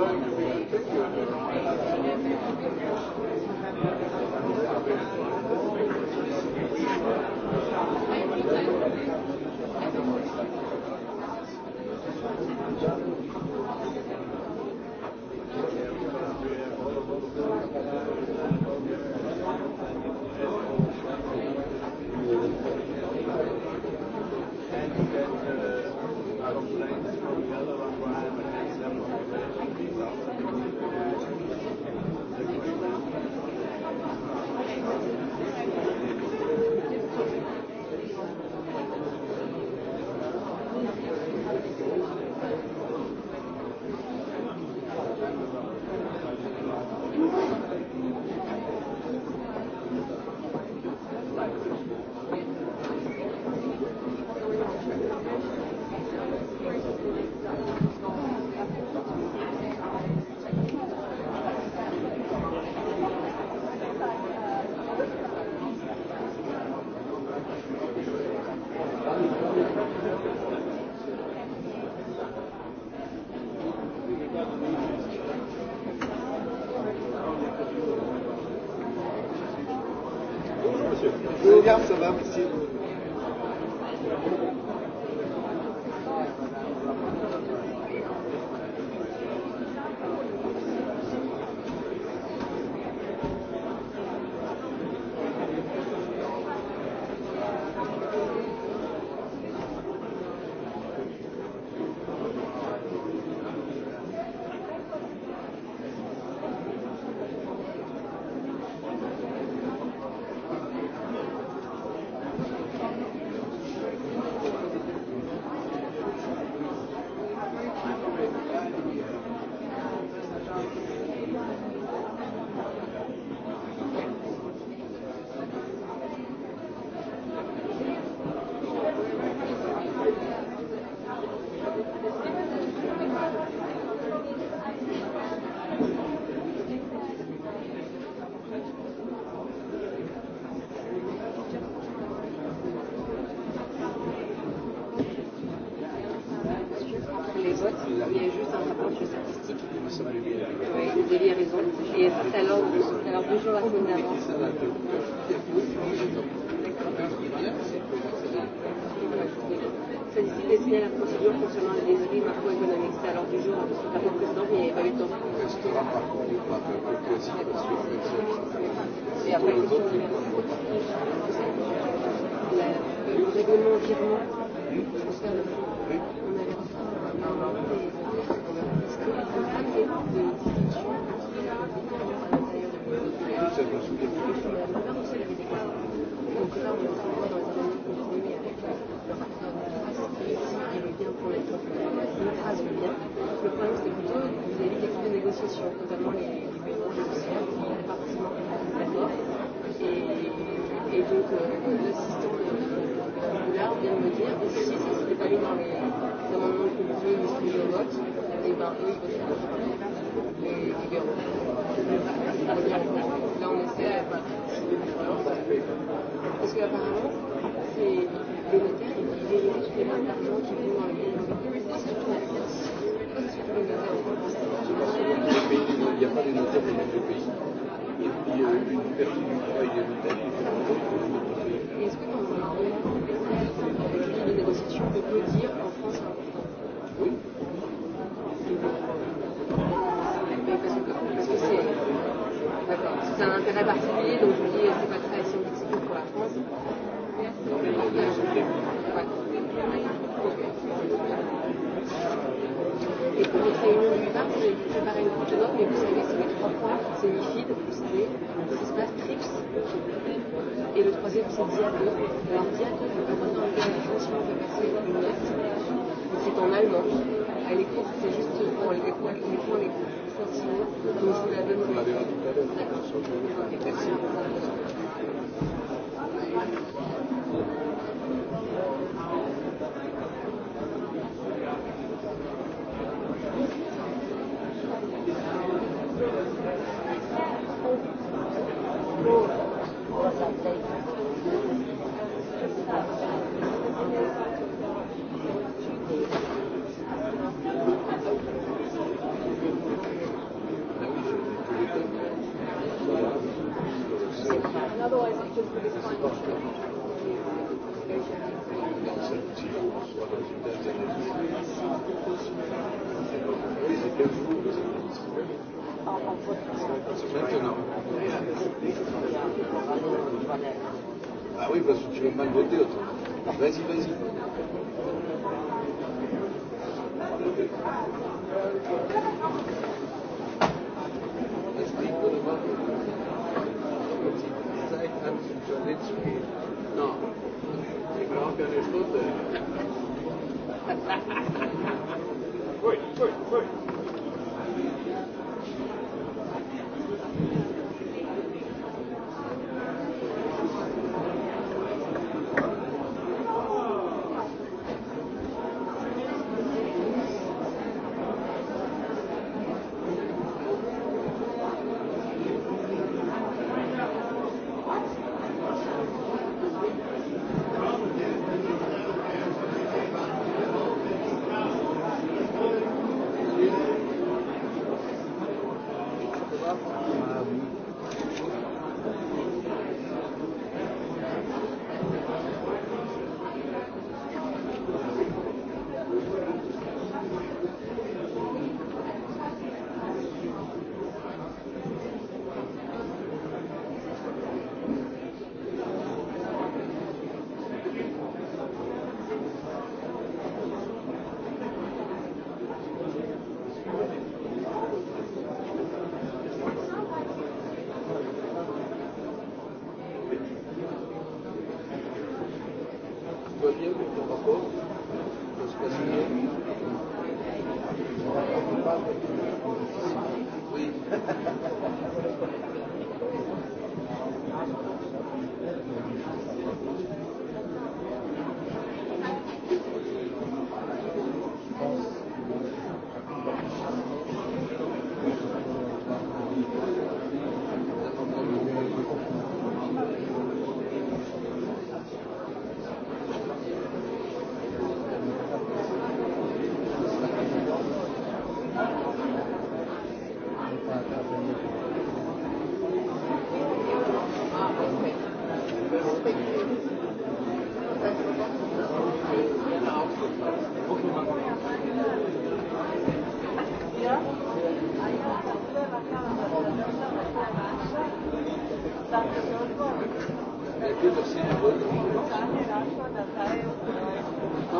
Speaker 1: going to be continued.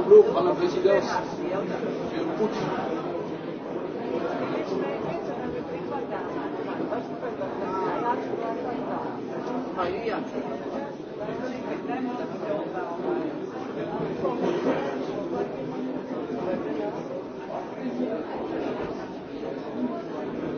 Speaker 1: groupe à la présidence. Je écoute. Thank you.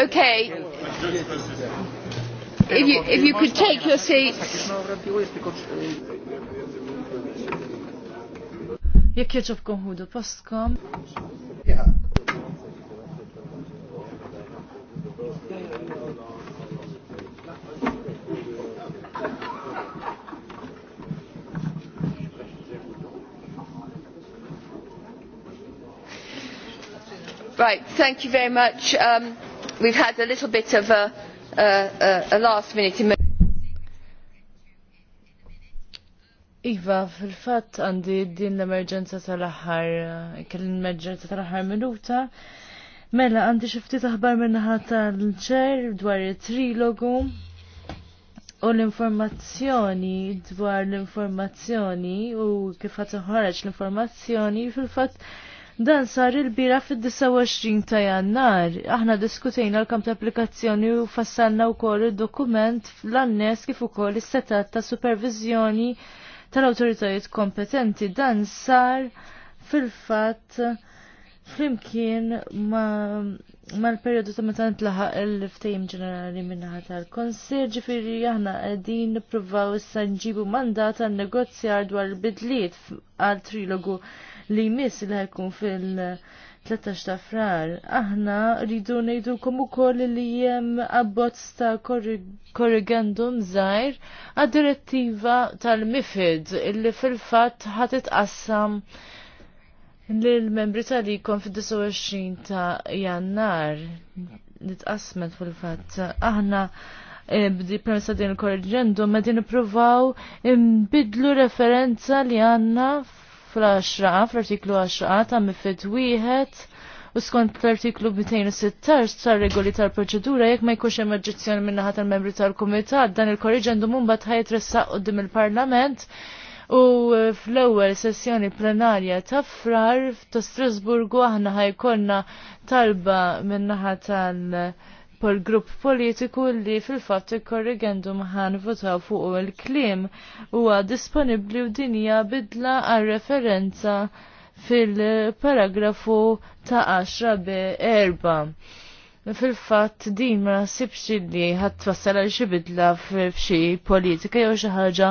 Speaker 1: Okay. If you, if you could take your seats.
Speaker 3: Jekk jieġob konħudu postkom.
Speaker 1: Right, thank
Speaker 2: you very much. Um, we've had a little bit of a, a, a last minute emergency.
Speaker 3: Iva, fil-fat għandi din l-emerġenza tal-aħħar, eh, kell l-emerġenza tal-aħħar minuta. Mela, għandi xifti taħbar minnaħat tal-ċer dwar il-trilogu u l-informazzjoni dwar l-informazzjoni u kif ħat l-informazzjoni fil-fat Dan sar il-bira fid-29 ta' jannar. Aħna diskutejna l-kamp ta' applikazzjoni u fassalna wkoll id-dokument fl-annes kif ukoll is-setat ta' supervizjoni tal-awtoritajiet kompetenti. Dan sar fil-fatt flimkien ma l-periodu ta' meta nitlaħaq il-ftejim ġenerali minnaħa tal-konsil ġifiri aħna qegħdin nippruvaw issa nġibu mandat għan negozjar dwar il-bidliet għal trilogu li jmiss li ħajkun fil-13 ta' frar. Aħna rridu ngħidulkom ukoll li hemm abbozz ta' korrigendum zaħir għad-direttiva tal-MIFID illi fil-fatt ħad itqassam l membri tal-ikon fil 29 ta' jannar nitqasmet fil-fatt. Aħna e, bdi premessa din il-korreġendum ma din provaw imbidlu referenza li għanna fl-10 fl-artiklu 10 ta' mifid wieħed u skont l-artiklu 216 tar regoli tal-proċedura jekk ma jkunx hemm oġġezzjoni minn naħa tal-membri tal-kumitat dan il-korriġendum mbagħad ħajtressaq qudiem il-Parlament u fl-ewwel sessjoni plenarja ta' frar ta' Strasburgu aħna ħajkonna talba minn naħa tal-, -tal per grupp politiku li fil-fatt il-korrigendum ħan votaw fuq il-klim huwa disponibli u dinja bidla għal referenza fil-paragrafu ta' 10 b erba. Fil-fatt din ma sibx li ħadd twassal għal xi bidla f'xi politika jew xi ħaġa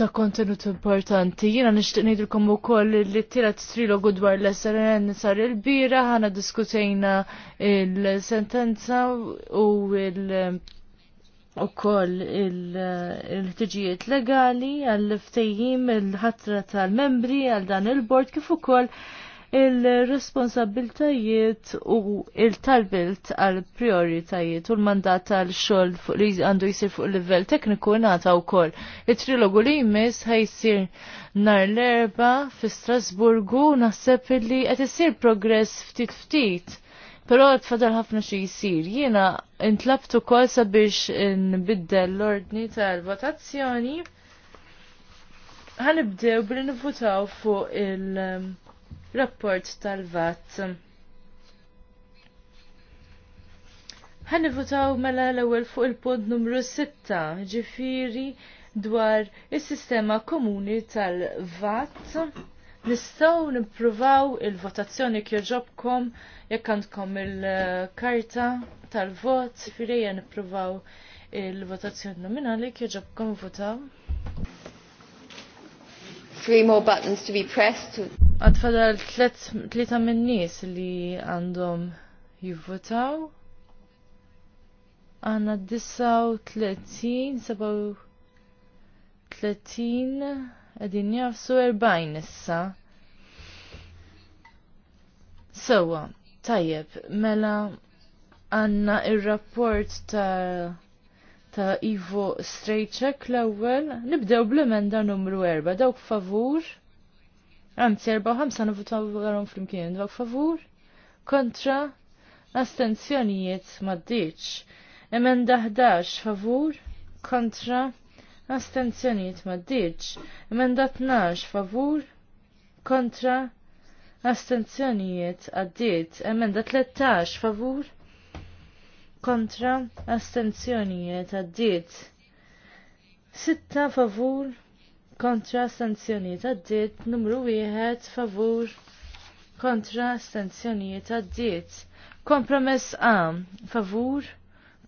Speaker 3: ta' kontenut importanti. Jina nishtiq ngħidilkom ukoll li t-tielet trilogu dwar l-SRN sar il-bira ħana diskutejna il-sentenza u il- u koll il-ħtiġijiet legali għall-ftejjim il-ħatra tal-membri għal dan il-bord kif ukoll koll il-responsabiltajiet u il-talbilt għal prioritajiet u l-mandat għal xogħol fuq li għandu jisir fuq livell tekniku ngħata wkoll. It-trilogu li jmiss ħajsir nar l-erba fi Strasburgu naħseb li qed isir progress ftit ftit. Pero fadal ħafna xi jsir. Jiena intlabtu kol sabiex nbiddel l-ordni tal-votazzjoni. Għanibdew billi nivvutaw fuq il- rapport tal-VAT. Ħanivutaw mela l-ewwel fuq il-punt numru 6, ġifiri dwar is-sistema komuni tal-VAT. Nistgħu nippruvaw il-votazzjoni kjoġobkom jekk għandkom il-karta tal-vot, firejja nippruvaw il-votazzjoni nominali kjoġobkom votaw three more buttons to be pressed. Għadfadal tlita nis li għandhom jivvotaw. Għanna sabaw 37, għedin jafsu 40 issa. Sawa, tajjeb, mela għanna il-rapport ta' ta' Ivo Strejček l-ewwel. Nibdew bl-emenda numru 4. Dawk favur. Anzi, 45 nivutaw għalhom flimkien. Dawk favur. Kontra. Astenzjonijiet maddiċ. Emenda 11 favur. Kontra. Astenzjonijiet maddiċ. Emenda 12 favur. Kontra. Astenzjonijiet għaddiet. Emenda 13 favur Kontra, kontra astenzjonijiet għaddiet. Sitta favur kontra astenzjonijiet għaddiet. Numru wieħed favur kontra astenzjonijiet għaddiet. Kompromess A favur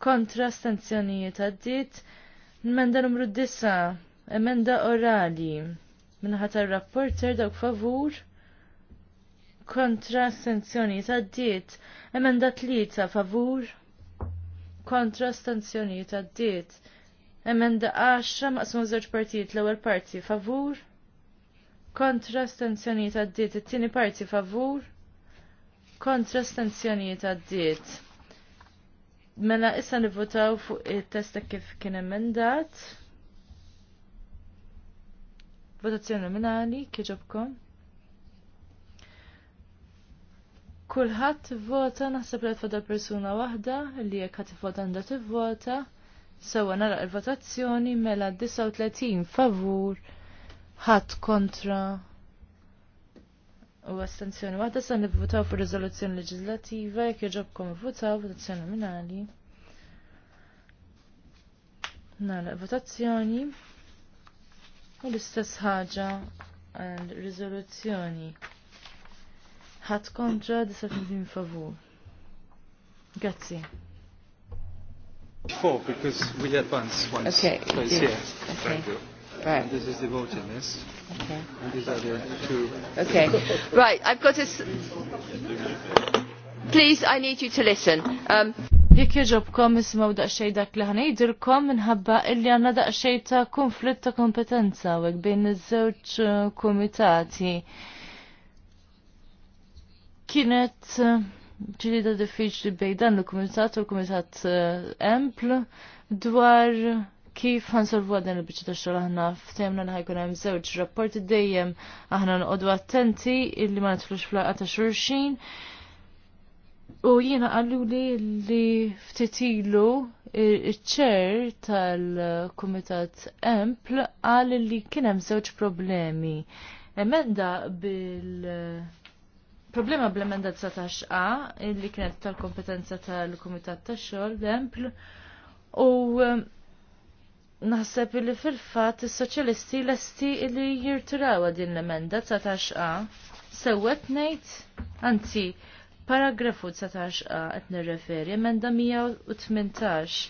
Speaker 3: kontra astenzjonijiet għaddiet. Emenda numru 9 emenda orali minħat rapporter dawk favur kontra sanzjoni għaddiet, diet emenda tlieta favur kontra stanzjonijiet għaddiet. Emenda 10 maqsmu żewġ partijiet l-ewwel parti favur kontra stanzjonijiet għaddiet. It-tieni parti favur kontra stanzjonijiet għaddiet. Mela issa nivvotaw fuq it-testa kif kien emendat. Votazzjoni nominali, kieġobkom. Kulħadd vota naħseb li tfadal persuna waħda li jekk ħadd ivvota għandha tivvota. Sewwa nara il-votazzjoni mela 39 favur, ħadd kontra u astenzjoni waħda se nivvutaw fuq riżoluzzjoni leġislattiva jekk jogħġobkom votaw votazzjoni nominali. Nara votazzjoni u l-istess ħaġa għal riżoluzzjoni ħadd kontra 39 favur. Grazzi.
Speaker 4: Four, because we advance once. Okay. Twice here. Okay. Thank you.
Speaker 3: Right. And this is the voting list. Okay.
Speaker 1: And these are the two. Okay. right, I've got this.
Speaker 3: Please, I need you to listen. Um, Jekk jogħġobkom ismaw daqsxej dak li ħanejdilkom minħabba illi għandna daqsxej ta' konflitt ta' kompetenza u bejn iż-żewġ eh, komitati. Uh, kienet eh, da diffiċli bej dan l-Kumitat u l-Kumitat eh, Empl dwar kif ħansolvu għadan il-bicċa ta' xogħol aħna f'temna li ħajkun hemm żewġ rapporti dejjem aħna nqogħdu attenti illi ma nidħlux flaqa ta' xulxin. U jiena għallu li li ilu eh, iċ-ċer tal-Kumitat Empl qal li kien hemm żewġ problemi. Emenda bil- problema bl-emenda 19a li kienet tal-kompetenza tal-Kumitat tax-xogħol l u um, naħseb li fil-fatt is-soċjalisti lesti li jirtiraw din l-emenda 19a sewwet ngħid anzi paragrafu 19a qed nirreferi emenda 118.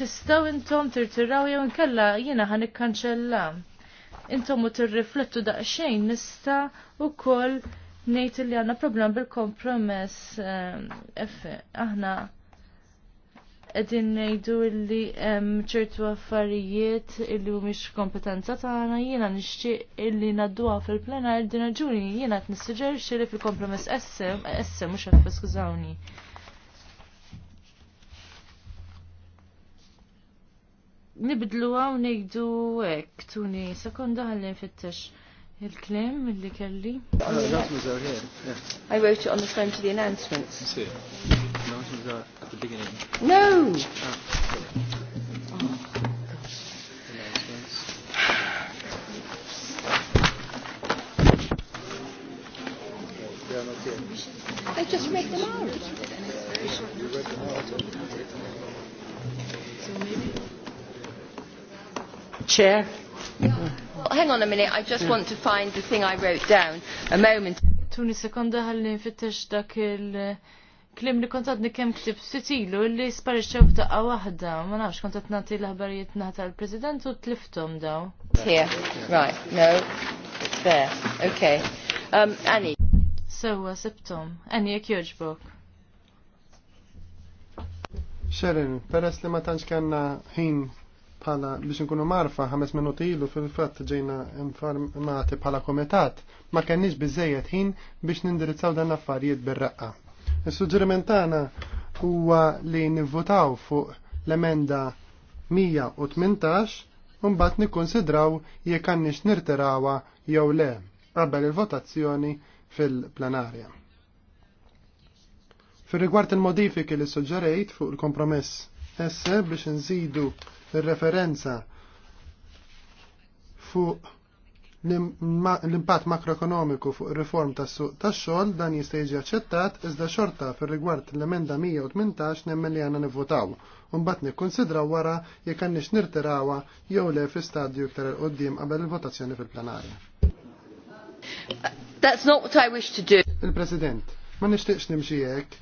Speaker 3: Tistgħu intom tirtiraw jew inkella jiena ħanikkanċella intom u tirriflettu daqsxejn nista wkoll nejt li għandna problem bil-kompromess eh, aħna qegħdin ngħidu li hemm ċertu affarijiet illi mhumiex kompetenza tagħna jiena nixtieq illi ngħadduha fil-plenar din raġuni jiena qed nissuġġerixxi li fil-kompromess essem essem mhux hekk skużawni nibdluha għaw nejdu għek, tuni sekonda għallin fittax il-klem li kelli. I wrote it on the phone to the announcements. No. I uh, just make them out. So maybe
Speaker 1: Chair. Well,
Speaker 3: oh, Hang on a minute, I just want to find the thing I wrote down. A moment. Tuni sekonda ħalli nfittex dak il- klim li kontatni kem ktib sitilu li sparixxew f'daqqa waħda, ma nafx kontat nagħti l-aħbarijiet naħta l-President u tliftom daw. Here, right,
Speaker 4: no, it's there, okay.
Speaker 3: Um, Annie. Sewa, sibtom. Annie, jek joġbok.
Speaker 4: Sharon, peress li ma tantx kellna ħin pala biex nkunu marfa ħames minuti ilu fil-fatt ġejna informati bħala komitat ma kenniex bizzejet ħin biex nindirizzaw dan affarijiet bir-raqqa. Is-suġġeriment tagħna huwa li nivvotaw fuq l-emenda 118 u mbagħad nikkonsidraw jekk għandniex nirtirawha jew le qabel il-votazzjoni fil-plenarja. Fir rigward il-modifiki li suġġerejt fuq il-kompromess esse biex nżidu ir-referenza fuq l-impatt makroekonomiku fuq riform tas suq tax xogħol dan jista' jiġi aċċettat iżda xorta fir-rigward l-emenda 118 nemmen li għandna nivvotaw. mbagħad nikkonsidraw wara jekk għandix nirtirawha jew le fi stadju iktar il qudiem qabel il-votazzjoni fil-plenarja. That's not what I wish to do. Il-President, ma nixtieqx nimxi hekk.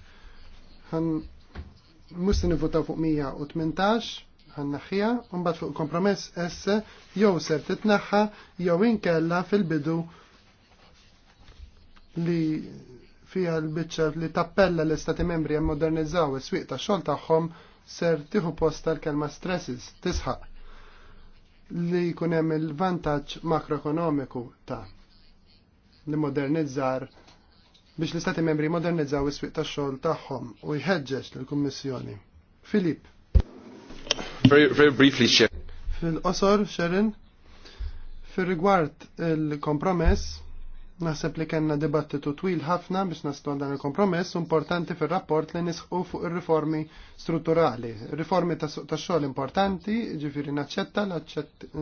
Speaker 4: Mussi musti nivvotaw fuq 118 ħannaħħija u mbagħad fuq kompromess S jew ser titnaħħa jew inkella fil-bidu li fija l-biċċa li tappella l-istati membri jammodernizzaw is-swieq tax-xogħol tagħhom ser tieħu posta l kelma stresses tisħaq li jkun hemm il-vantaġġ makroekonomiku ta' li modernizzar biex l-istati membri modernizzaw is-swieq tax-xogħol tagħhom u jħeġġeġ lill-Kummissjoni. Filip.
Speaker 1: Very, very briefly, Sharon.
Speaker 4: Fil-qosor, Sharon, fil-rigward il-kompromess, naħseb li kena dibattitu twil ħafna biex naslu dan il-kompromess, importanti fil-rapport li nisħu fuq il-riformi strutturali. Riformi ta' xogħol importanti, ġifiri naċċetta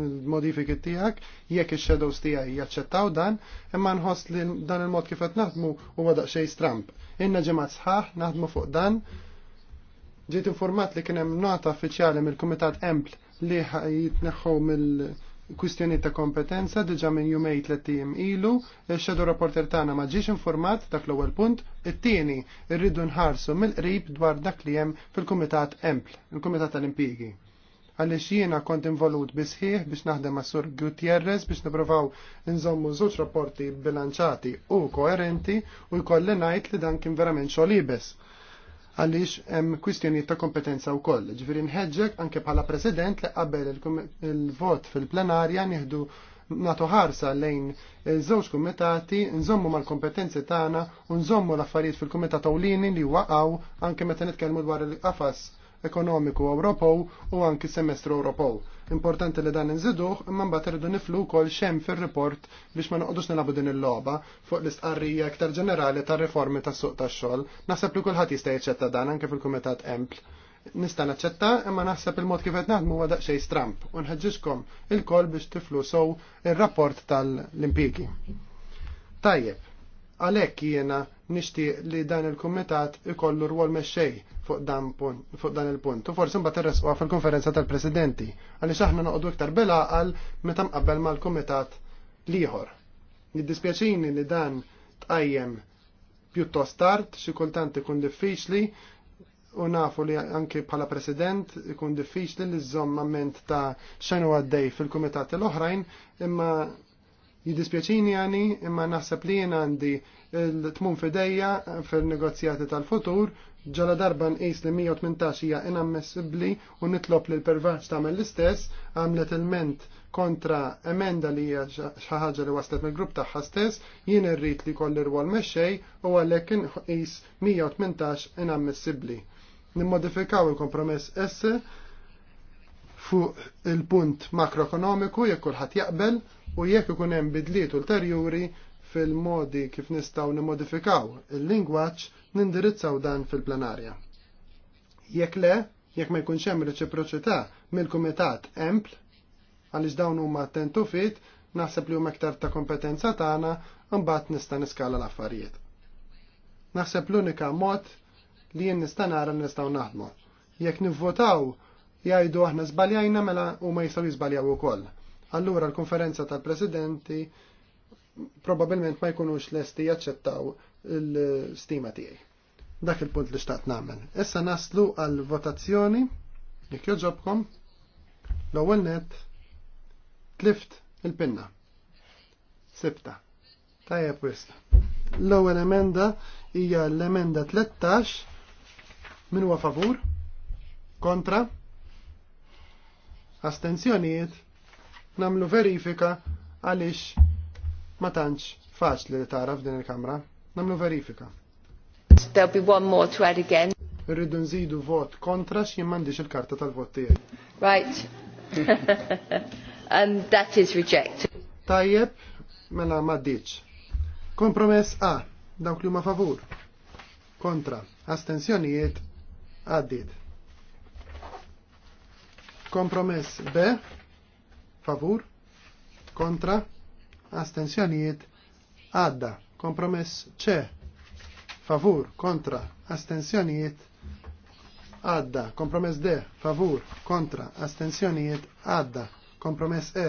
Speaker 4: l-modifiki tijak, jekk il-shadows tijaj jaċċettaw dan, imma nħoss li dan il-mod kifet naħdmu u għadaq xej stramp. Inna ġemat sħaħ naħdmu fuq dan, Ġiet informat li kien hemm nota uffiċjali mill-Kumitat Empl li jitneħħu mill-kwistjoni ta' kompetenza diġa minn jumej tlettijiem ilu, il-xedu rapporter tagħna ma ġiex informat dak l-ewwel punt, it-tieni rridu nħarsu mill-qrib dwar dak li hemm fil-Kumitat Empl, il-Kumitat tal Għalix Għaliex jiena kont involut bisħiħ biex naħdem ma' Sur Gutierrez biex niprovaw nżommu żewġ rapporti bilanċati u koerenti u jkolli ngħid li dan kien verament xogħol għaliex hemm kwistjonijiet ta' kompetenza wkoll. Ġifiri nħeġġek anke bħala President li qabel il-vot fil-plenarja nieħdu nagħtu ħarsa lejn żewġ kumitati, nżommu mal-kompetenzi tagħna u nżommu l-affarijiet fil-kumitat ewlieni li waqgħu anke meta nitkellmu dwar il-qafas ekonomiku Ewropew u anke semestru Ewropew importanti li dan nżiduh, imma mbagħad irridu niflu wkoll xemm fir-report biex ma noqgħodux nilagħbu din il-logħba fuq l-istqarrija iktar ġenerali tar-riformi tas-suq tax-xogħol. Naħseb li kulħadd jista' jaċċetta dan anke fil-Kumitat Empl. Nista' naċċetta imma naħseb il-mod kif qed naħdmu huwa daqsxejn stramp u nħeġġiskom il-kol biex tiflu sew ir-rapport tal-impjiegi. Tajjeb, għalhekk jiena nixtieq li dan il-kumitat ikollu rwol mexxej fuq dan, fuq dan il-punt. U forsi mbagħad irresquha fil-konferenza tal-Presidenti għaliex aħna noqogħdu iktar belaqal meta mqabbel mal-kumitat liħor. Niddispjaċini li dan tqajjem pjuttost tard, xi kultant ikun diffiċli u nafu li anki bħala president ikun diffiċli li żomm amment ta' xenu għaddej fil-kumitati l-oħrajn imma Jidispjaċini għani imma naħseb li jien għandi l-tmum fidejja fil-negozjati tal-futur ġala darban nqis li 118 hija inammessibbli u nitlob li l-pervaċ tagħmel l-istess għamlet il-ment kontra emenda li hija xi ħaġa li waslet mill-grupp tagħha stess, jien irrid li jkolli rwol mexxej u għalhekk inqis 118 inammissibbli. Nimmodifikaw il-kompromess S fuq il-punt makroekonomiku jekk kulħadd jaqbel u jekk ikun hemm bidliet ulterjuri fil-modi kif nistgħu nimodifikaw il-lingwaġġ nindirizzaw dan fil-plenarja. Jekk le, jekk ma jkunx hemm reċiproċità mill-kumitat empl, għaliex dawn huma attentu fit, naħseb li huma aktar ta' kompetenza tagħna mbagħad nista' niskala l-affarijiet. Naħseb l-unika mod li jien nista' nara nistgħu naħdmu. Jekk nivvotaw jgħidu aħna żbaljajna mela huma jistgħu jiżbaljaw ukoll allura l-konferenza tal-presidenti probabilment ma jkunux lesti jaċċettaw l stima tiegħi. Dak il-punt li xtaqt nagħmel. Issa naslu għal votazzjoni jekk joġobkom l-ewwel net tlift il-pinna. Sibta. Tajjeb wisla. L-ewwel emenda hija l-emenda 13 min huwa favur kontra astenzjonijiet namlu verifika għaliex ma tantx faċli li tara f'din il-kamra. Namlu verifika. There'll be one more to add again. Irridu nżidu vot kontra x'jien m'għandix il-karta tal-vot tiegħi. Right. (laughs) And that is rejected. Tajjeb, mela ma ddiċ. Kompromess A, dawk li ma favur. Kontra, astensjonijiet għaddit. Kompromess B, favur, kontra, astensjonijiet, għadda, kompromess ċe, favur, kontra, astensjonijiet, għadda, kompromess D, favur, kontra, astensjonijiet, għadda, kompromess E,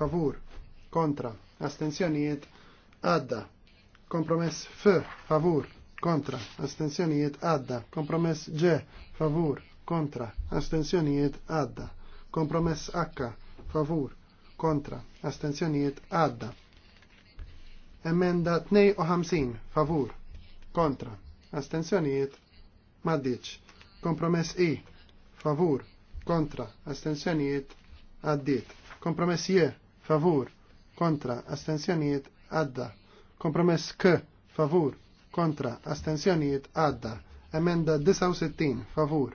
Speaker 4: favur, kontra, astensjonijiet, għadda, kompromess F, favur, kontra, astensjonijiet, għadda, kompromess G, favur, kontra, astensjonijiet, għadda, kompromess H, favur, kontra, astenzjonijiet għadda. Emenda 52, favur, kontra, astenzjonijiet maddiċ. Kompromess I, favur, kontra, astenzjonijiet għaddit. Kompromess J, favur, kontra, astenzjonijiet għadda. Kompromess K, favur, kontra, astenzjonijiet għadda. Emenda 69, favur,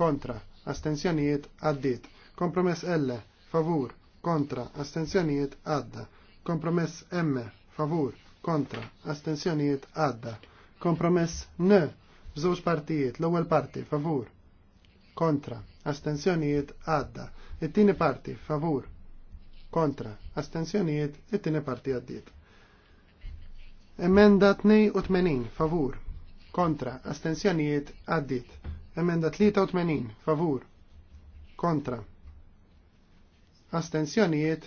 Speaker 4: kontra, astenzjonijiet għaddit. Kompromess L, favur, kontra, astenzjonijiet għadda. Kompromess M, favur, kontra, astenzjonijiet għadda. Kompromess N, bżewġ partijiet, l-ewwel parti, favur, kontra, astenzjonijiet għadda. It-tieni parti, favur, kontra, astenzjonijiet, it-tieni parti għaddiet. Emenda 82, favur, kontra, astenzjonijiet għaddiet. Emenda 83, favur, kontra, astensjonijiet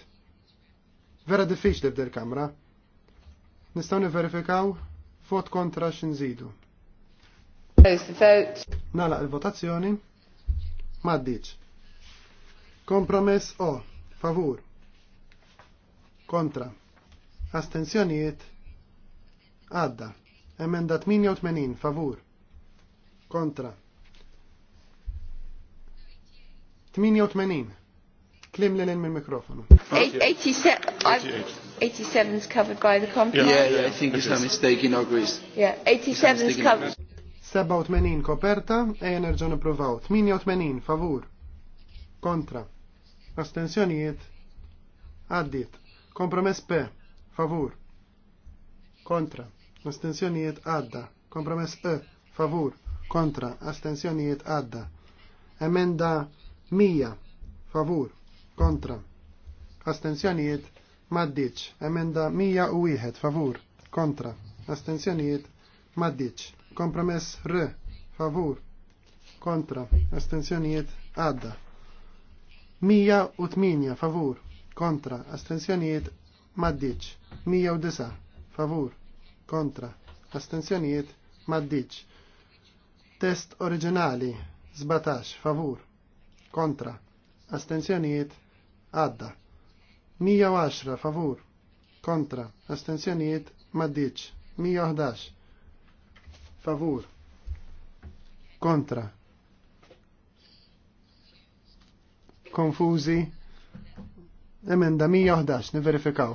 Speaker 4: vera diffiċli bdel kamra. Nistgħu niverifikaw vot kontra x'inżidu. Nalaq il-votazzjoni. Maddiċ. Kompromess O. Favur. Kontra. Astenzjonijiet. Għadda. Emenda 88. Favur. Kontra. 88. Klim l minn mikrofonu.
Speaker 2: 87 is covered by the compromise. Yeah, yeah, I think it's a
Speaker 1: mistake in our Greece.
Speaker 2: Yeah, 87 is covered.
Speaker 4: 87 koperta, ejja nerġa' nippruvaw. 88 favur. Kontra. Astensjonijiet. Għaddiet. Kompromess P. Favur. Kontra. Astensjonijiet għadda. Kompromess E. Favur. Kontra. Astensjonijiet għadda. Emenda 100. Favur kontra. Astenzjonijiet maddiċ. Emenda 101 favur kontra. Astenzjonijiet maddiċ. Kompromess R favur kontra. Astenzjonijiet għadda. 108 favur kontra. Astenzjonijiet maddiċ. 109 favur kontra. Astenzjonijiet maddiċ. Test oriġinali zbatax, favur kontra. Astenzjonijiet għadda. 110 favur kontra astenzjonijiet maddiċ. 111 favur kontra konfuzi emenda 111 niverifikaw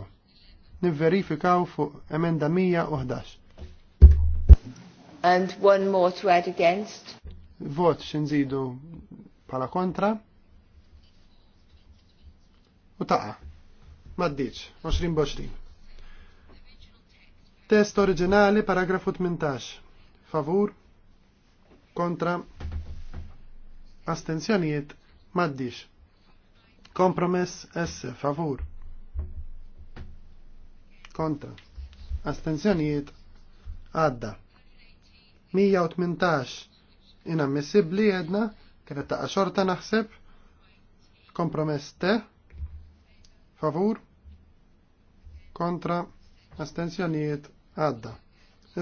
Speaker 4: niverifikaw fuq emenda 111 and
Speaker 2: one more to add against
Speaker 4: vot xinżidu pala kontra u taqa. Maddiċ, 20 boċrin. Test oriġinali, paragrafu 18. Favur, kontra, astenzjonijiet, maddiċ. Kompromess S, favur. Kontra. Astenzjonijiet, għadda. 118 inammissibli jedna, kienet taqa xorta naħseb, kompromess te, Favur? Kontra? astenzjoniet, għadda.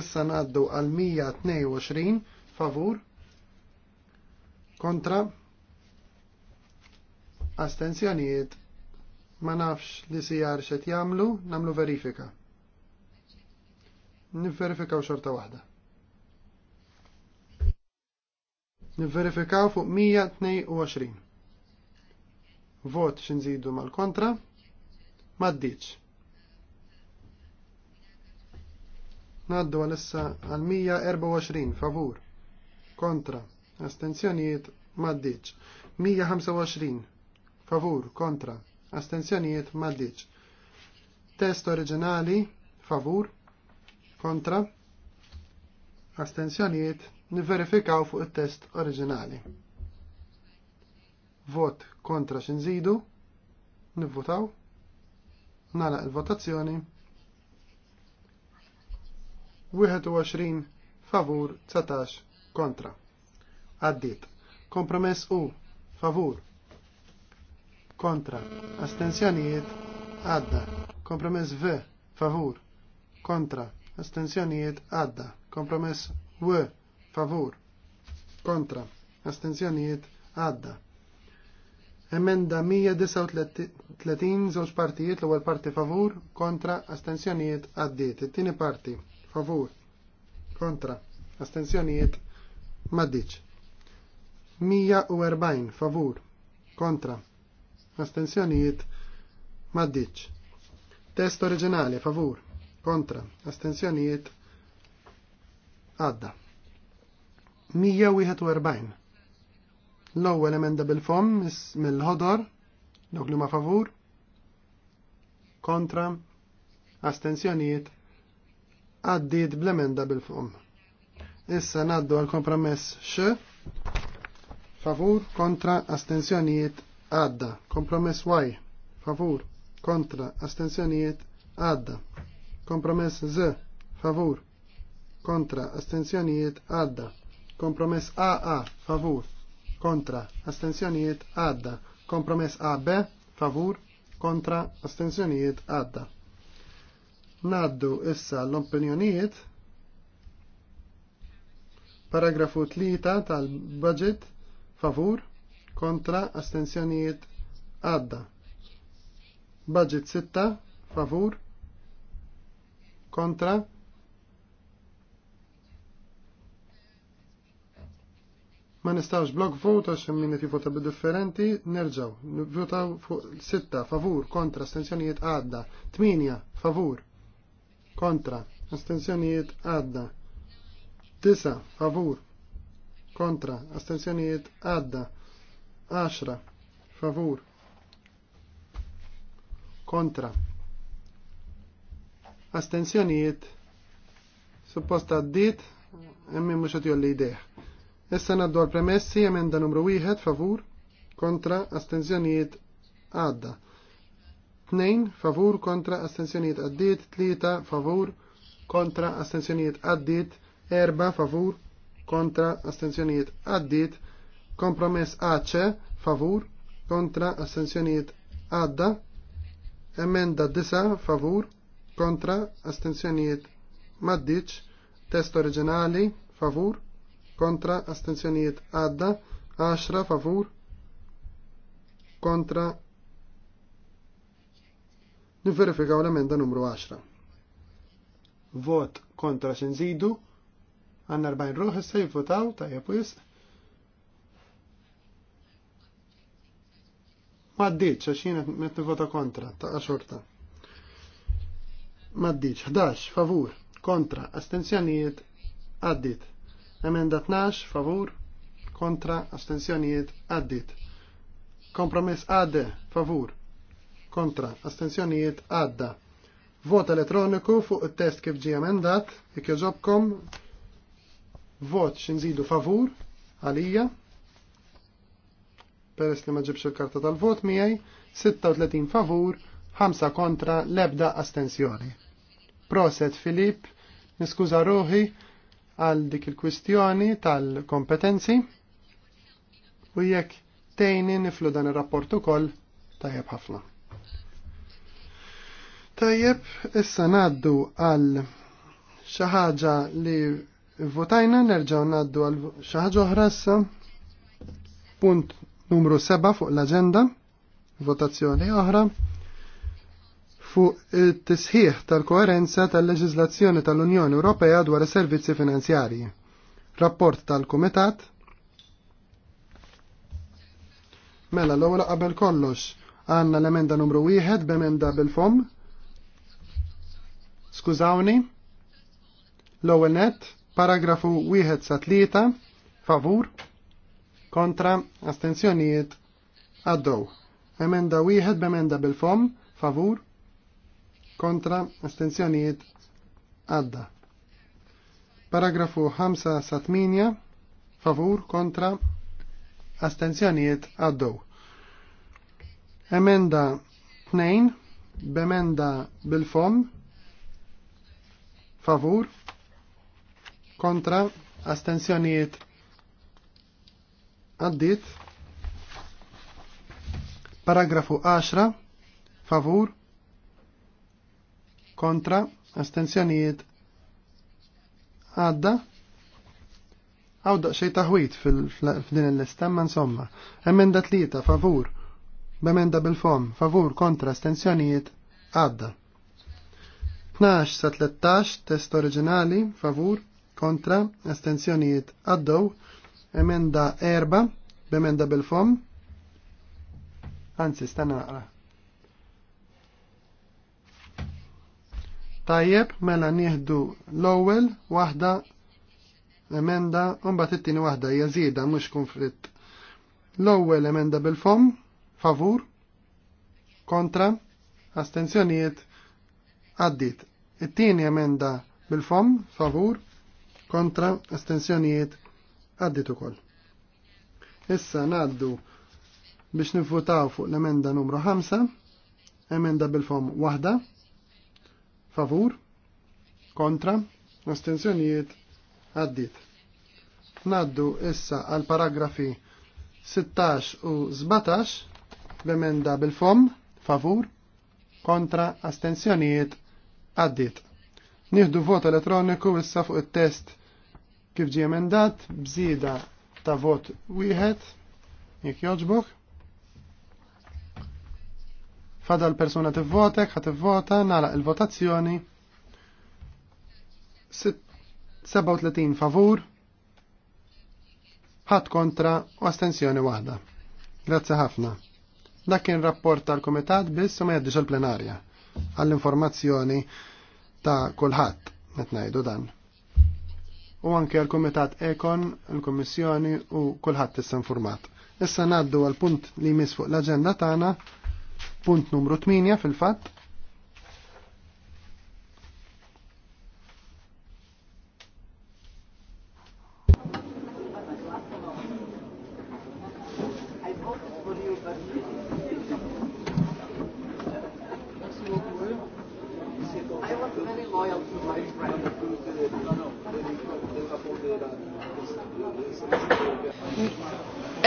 Speaker 4: Issa naddu għal 122 favur? Kontra? Astenzjonijiet ma nafx li sijar xet jamlu, namlu verifika. u xorta wahda. Nifverifikaw fuq 122. Vot xinżidu mal-kontra maddiċ. Naddu għalissa għal 124 favur kontra astenzjonijiet maddiċ. 125 favur kontra astenzjonijiet maddiċ. Test oriġinali favur kontra astenzjonijiet niverifikaw fuq il-test oriġinali. Vot kontra xinżidu, nivvotaw. Nala il-votazzjoni. 21 favur 19 kontra. addit. Kompromess u favur kontra. astensjonijiet għadda. Kompromess v favur kontra. Astensjonijiet għadda. Kompromess w favur kontra. Astensjonijiet Adda. Emenda 139 żewġ partijiet l-ewwel parti favur kontra astensjonijiet għaddiet. Tini parti favur kontra astensjonijiet maddiċ. 140 favur kontra astensjonijiet maddiċ. Test oriġinali favur kontra astensjonijiet għadda. 141 L-ewwel emenda bil-fom mill-ħodor, dawk li ma favur, kontra, astenzjonijiet, għaddiet bl-emenda bil-fom. Issa naddu għal kompromess x, favur, kontra, astenzjonijiet, għadda. Kompromess y, favur, kontra, astenzjonijiet, għadda. Kompromess z, favur, kontra, astenzjonijiet, għadda. Kompromess AA, favur, kontra, astensjonijiet għadda. Kompromess AB, favur, kontra, astensjonijiet għadda. Naddu issa l-opinjonijiet. Paragrafu tlita tal-budget, favur, kontra, astensjonijiet għadda. Budget sitta favur, kontra, Ma nistawx blog vote għax minn qed jivota differenti, nerġgħu nivvotaw fu sitta favur kontra astensjonijiet għadda, tminja favur kontra astensjonijiet għadda, tisa favur kontra Astenzjonijiet għadda, għaxra favur kontra Astenzjonijiet. supposta għaddit, emmi mhux qed jolli ideħ. Issa naddu għal premessi emenda numru 1 favur kontra astenzjonijiet għadda. 2 favur kontra astenzjonijiet għaddit, 3 favur kontra astenzjonijiet għaddit, 4 favur kontra astenzjonijiet għaddit, kompromess AC favur kontra astenzjonijiet għadda, emenda 9 favur kontra astenzjonijiet maddiċ, test oriġinali favur kontra astenzjonijiet għadda 10 favur kontra niverifikaw l-emenda numru 10 vot kontra xinżidu għanna 40 ruħ se jivvotaw tajja pwis maddiċ għax jina met vota kontra ta' xorta maddiċ 11 favur kontra astenzjonijiet għaddit Emenda 12, favur, kontra, astensjonijiet, addit. Kompromess għadde, favur, kontra, astensjonijiet, għadda. Vot elettroniku fuq il-test kif ġi emendat, ikjoġobkom vot xinżidu favur, għalija, peress li ma ġibx il-karta tal-vot miegħi, 36 favur, 5 kontra, lebda astensjoni. Proset Filip, niskuża ruħi, għal dik il-kwistjoni tal-kompetenzi u jekk tejni niflu dan ir-rapport ukoll tajjeb ħafna. Tajjeb, issa naddu għal xi ħaġa li votajna nerġgħu naddu għal xi ħaġa oħra issa. Punt numru 7 fuq l-aġenda, votazzjoni oħra fuq it-tisħiħ tal-koerenza tal leġislazzjoni tal-Unjoni Ewropea dwar is-servizzi finanzjarji. Rapport tal-Kumitat Mela, l-ewwel qabel kollox għandna l-emenda numru wieħed b'emenda bil-fom. Skużawni. L-ewwel net, paragrafu wieħed sa tlieta, favur, kontra, astenzjonijiet, għaddew. Emenda wieħed b'emenda bil-fom, favur, kontra astenzjonijiet għadda. Paragrafu 5 sa 8 favur kontra astenzjonijiet għaddew. Emenda 2 b'emenda bil-fom favur kontra astenzjonijiet għaddit paragrafu 10 favur kontra, astenzjonijiet għadda. għawda xej taħwit f'din il-lista, ma insomma. Emenda tlieta, favur. B'emenda bil-fom, favur kontra astenzjonijiet għadda. 12 sa 13, test oriġinali, favur kontra astenzjonijiet għaddow. Emenda erba' b'emenda bil-fom. Anzi, stanaqra. Tajjeb, mela nieħdu l-ewwel waħda emenda u mbagħad it-tieni waħda hija żieda mhux konflitt. L-ewwel emenda bil-fom, favur, kontra, astenzjonijiet, għaddit. It-tieni emenda bil-fom, favur, kontra, astenzjonijiet, għaddit ukoll. Issa ngħaddu biex nifutaw fuq l-emenda numru 5, emenda bil-fom waħda, favur, kontra, astenzjonijiet għaddit. Naddu issa għal paragrafi 16 u 17 b'emenda bil-fom, favur, kontra, astenzjonijiet għaddit. Nieħdu vot elettroniku issa fuq it-test kif ġie emendat bżida ta' vot wieħed jekk joġbok. Fada l-persuna tivvotek, ħat t-vota, nalaq il-votazzjoni. 37 favur, ħat kontra u astensjoni waħda. Grazzi ħafna. Dak kien rapport tal-Komitat biss u ma jeddix il-plenarja għall-informazzjoni ta' kulħadd qed ngħidu dan. U anke l-Kumitat Ekon, l-Kummissjoni u kulħadd issa informat. Issa ngħaddu għal punt li jmiss fuq l-aġenda tagħna Punt numru 8 fil-fatt.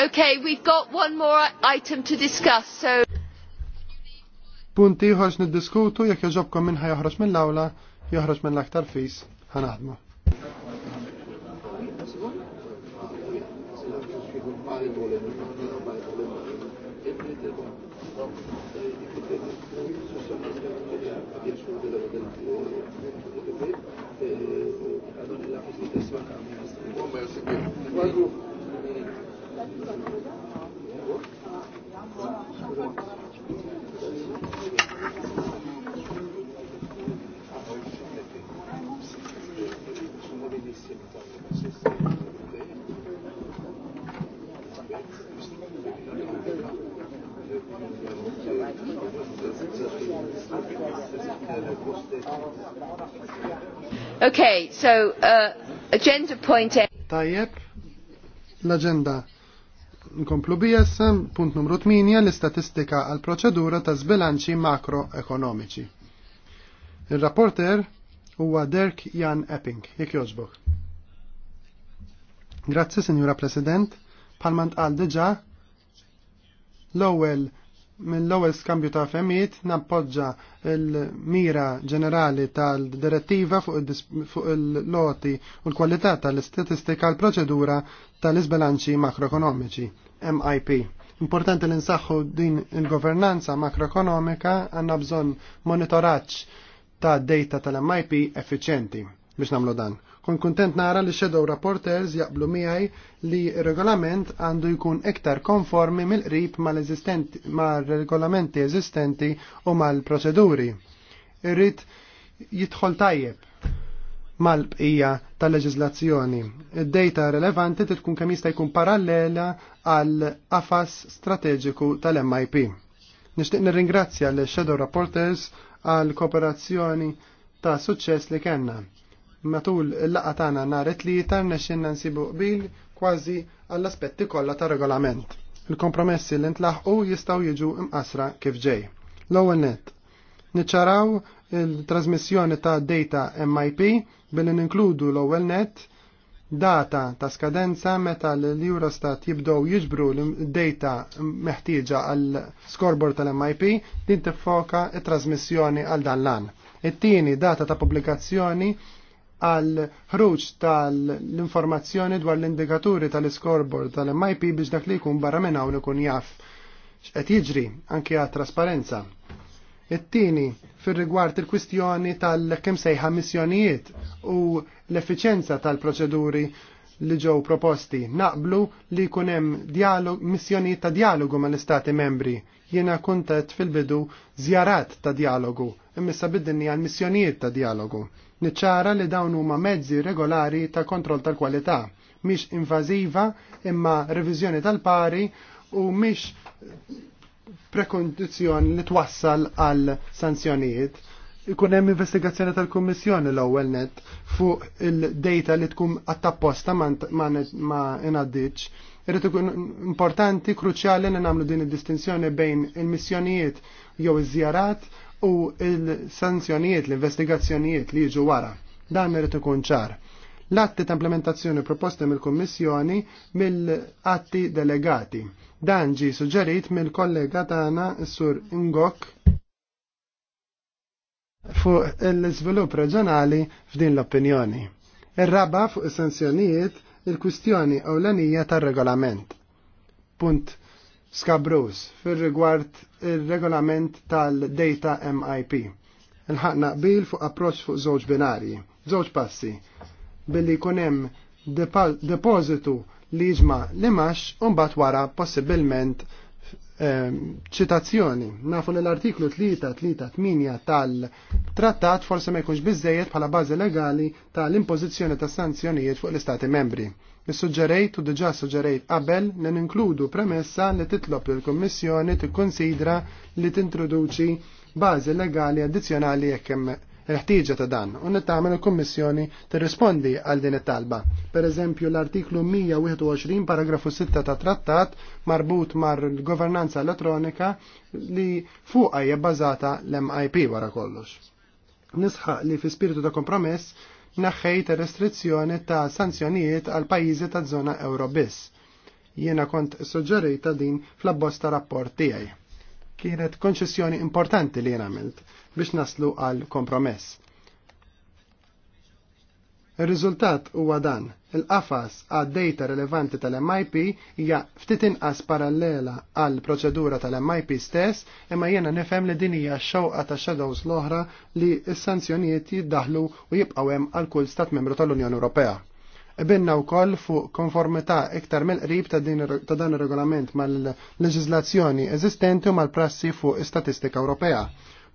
Speaker 2: Okay, we've got one more item to discuss, so...
Speaker 4: Punti ħarġ niddiskutu jekk joġobkom minn ħajoħroġ mill-awla, joħroġ l aktar fis ħanaħdmu.
Speaker 1: Thank you.
Speaker 2: Okay, so uh, agenda point A.
Speaker 4: Tajjeb, l-agenda nkomplu bijessa, punt numru 8, l-istatistika għal proċedura ta' zbilanċi makroekonomiċi. Il-rapporter huwa Dirk Jan Epping, jek joġbuk. Grazzi, Signora President, palmant għal deġa l-ewwel mill-ewwel skambju ta' femijiet nappoġġa l-mira ġenerali tal-direttiva fuq il-loti u l-kwalità tal-istatistika l-proċedura tal-isbilanċi makroekonomiċi MIP. Importanti li nsaħħu din il-governanza makroekonomika għandna bżonn monitoraġġ ta' data tal-MIP effiċjenti biex nagħmlu dan. Kon kontent nara li Shadow Rapporters jaqblu miħaj li regolament għandu jkun iktar konformi mill-qrib mal-regolamenti eżistenti u mal proċeduri Irrit jidħol tajjeb mal-bqija tal-leġizlazzjoni. Id-data relevanti titkun kemm jista' jkun parallela għal afas strateġiku tal-MIP. Nixtieq nirringrazzja l shadow Rapporters għal kooperazzjoni ta' suċċess li kellna matul il-laqa tagħna nhar it-tlieta rnexxinna nsibu qbil kważi għall-aspetti kollha ta' regolament. Il-kompromessi li ntlaħqu jistgħu jiġu imqasra kif ġej. L-ewwel nett. Niċċaraw il-trasmissjoni ta' data MIP billi ninkludu l-ewwel net data ta' skadenza meta l-Eurostat jibdow jiġbru l-data meħtieġa għal scoreboard tal-MIP din tiffoka it-trasmissjoni għal dan l-an. It-tieni data ta' pubblikazzjoni għal ħruġ tal-informazzjoni dwar l-indikaturi tal-scoreboard tal-MIP biex dak li jkun barra minn hawn ikun jaf x'qed jiġri anke għat trasparenza. It-tieni fir-rigward il-kwistjoni tal-kemm sejħa missjonijiet u l-effiċenza tal-proċeduri li ġew proposti naqblu li jkun hemm dialog missjonijiet ta' dialogu mal-istati membri. Jiena kuntet fil-bidu zjarat ta' dialogu, imissa biddinni għal missjonijiet ta' dialogu Niċċara li dawn huma mezzi regolari ta' kontroll tal-kwalità, mhix invażiva imma reviżjoni tal-pari u mhix prekondizzjoni li twassal għal sanzjonijiet ikun hemm investigazzjoni tal-Kummissjoni l-ewwel net fuq il-data li tkun attapposta ma inaddiċ. Irrid ikun importanti, kruċjali li nagħmlu din id-distinzjoni bejn il-missjonijiet jew iż-żjarat u il-sanzjonijiet, l-investigazzjonijiet li jiġu wara. Dan irid ikun ċar. L-atti ta' implementazzjoni proposti mill-Kummissjoni mill-atti delegati. Dan ġi suġġerit mill-kollega tagħna Sur Ingok fuq l-iżvilupp reġjonali f'din l-opinjoni. Ir-raba fuq is-sanzjonijiet il-kwistjoni ewlenija tar-regolament. Punt skabrus fil-rigward il-regolament tal-data MIP. Il-ħakna bil fuq approċ fuq żewġ binarji, żewġ passi, billi kunem depositu li jiġma li max un bat wara possibilment Ehm, ċitazzjoni. Nafu li l-artiklu 3-3-8 tal-trattat forse ma jkunx bizzejiet bħala bażi legali tal-impożizzjoni ta' sanzjonijiet fuq l-Istati membri. Nissuġġerejt u diġà suġġerejt qabel li ninkludu premessa li titlob lill kummissjoni tikkonsidra li tintroduċi bażi legali addizzjonali jekk hemm il ħtijġa ta' dan u nittama il-Kummissjoni tirrispondi għal din it-talba. Per eżempju l-artiklu 121 paragrafu 6 ta' trattat marbut mar l-governanza elettronika li fuqa hija bbażata l-MIP wara kollox. Nisħaq li fi spiritu ta' kompromess naħħejt restrizzjoni ta' sanzjonijiet għal pajjiżi ta' zona euro biss. Jiena kont suġġerita din fl-abbosta rapport tiegħi. Kienet konċessjoni importanti li jena għamilt biex naslu għal kompromess. Ir-riżultat huwa dan. Il-qafas għad data relevanti tal-MIP hija ftit inqas parallela għal proċedura tal-MIP stess, imma jiena nifhem li din hija xewqa ta' shadows l-oħra li s-sanzjonijiet jiddaħlu u jibqgħu hemm għal kull stat membru tal-Unjoni Ewropea. Ibinna wkoll fuq konformità iktar mill-qrib ta' dan ir-regolament mal-leġiżlazzjoni eżistenti u mal-prassi fuq istatistika Ewropea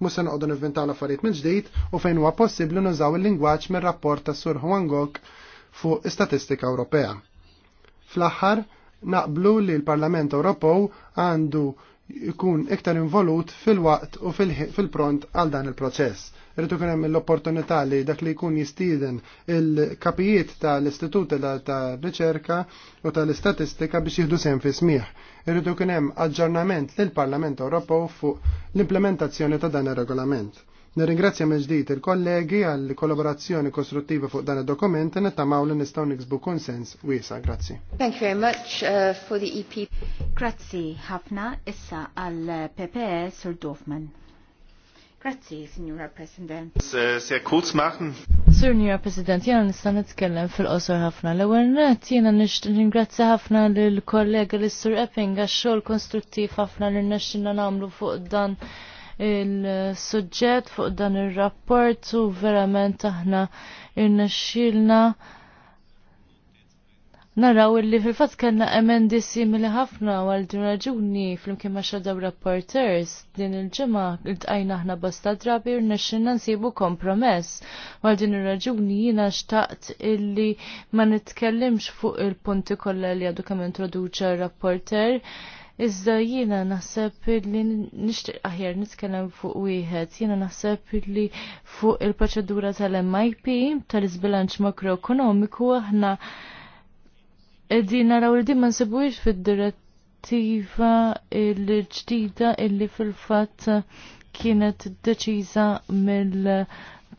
Speaker 4: mhux se noqogħdu nivvintaw l-affarijiet minn ġdid u fejn huwa possibbli nużaw il-lingwaġġ mir-rapport tas Sur Juan Gok fuq istatistika Ewropea. Fl-aħħar naqblu li l-Parlament Ewropew għandu jkun iktar involut fil-waqt u fil-pront għal dan il-proċess. Rritu kien hemm l-opportunità li dak li jkun jistieden il-kapijiet tal-istituti ta' riċerka u tal-istatistika biex jieħdu sehem fi smih. Rritu kien hemm aġġornament lill-Parlament Ewropew fuq l-implementazzjoni ta' dan ir-regolament. Nirringrazzja mill il-kollegi għall kollaborazzjoni kostruttiva fuq dan id-dokument u nittamaw li nistgħu niksbu konsens wiesa, grazzi.
Speaker 2: Thank you very much uh, for the EP. Grazzi ħafna issa għal PPE Sur Dorfman. Grazzi, Signora President.
Speaker 4: Se kurz machen.
Speaker 3: Signora President, jena nista' nitkellem fil-qosor ħafna. L-ewwel nett jiena ningrazzja ħafna l kollega l-Sur Epping għax-xogħol konstruttiv ħafna li nexxinna nagħmlu fuq dan il-suġġett fuq dan ir-rapport u verament aħna irnexxilna naraw illi fil-fatt kellna emendi simili ħafna għal din raġuni flimkien ma' xadaw rapporters din il-ġimgħa iltqajna aħna bosta drabi rnexxilna nsibu kompromess għal din ir-raġuni jiena xtaqt illi ma nitkellimx fuq il-punti kollha li għadu kemm introduċa r-rapporter Iżda jiena naħseb li nixtieq aħjar nitkellem fuq wieħed, jiena naħseb li fuq il-proċedura tal-MIP tal-iżbilanċ makroekonomiku aħna qegħdin naraw li ma nsibux fid-direttiva l-ġdida illi fil-fatt kienet deċiża mill-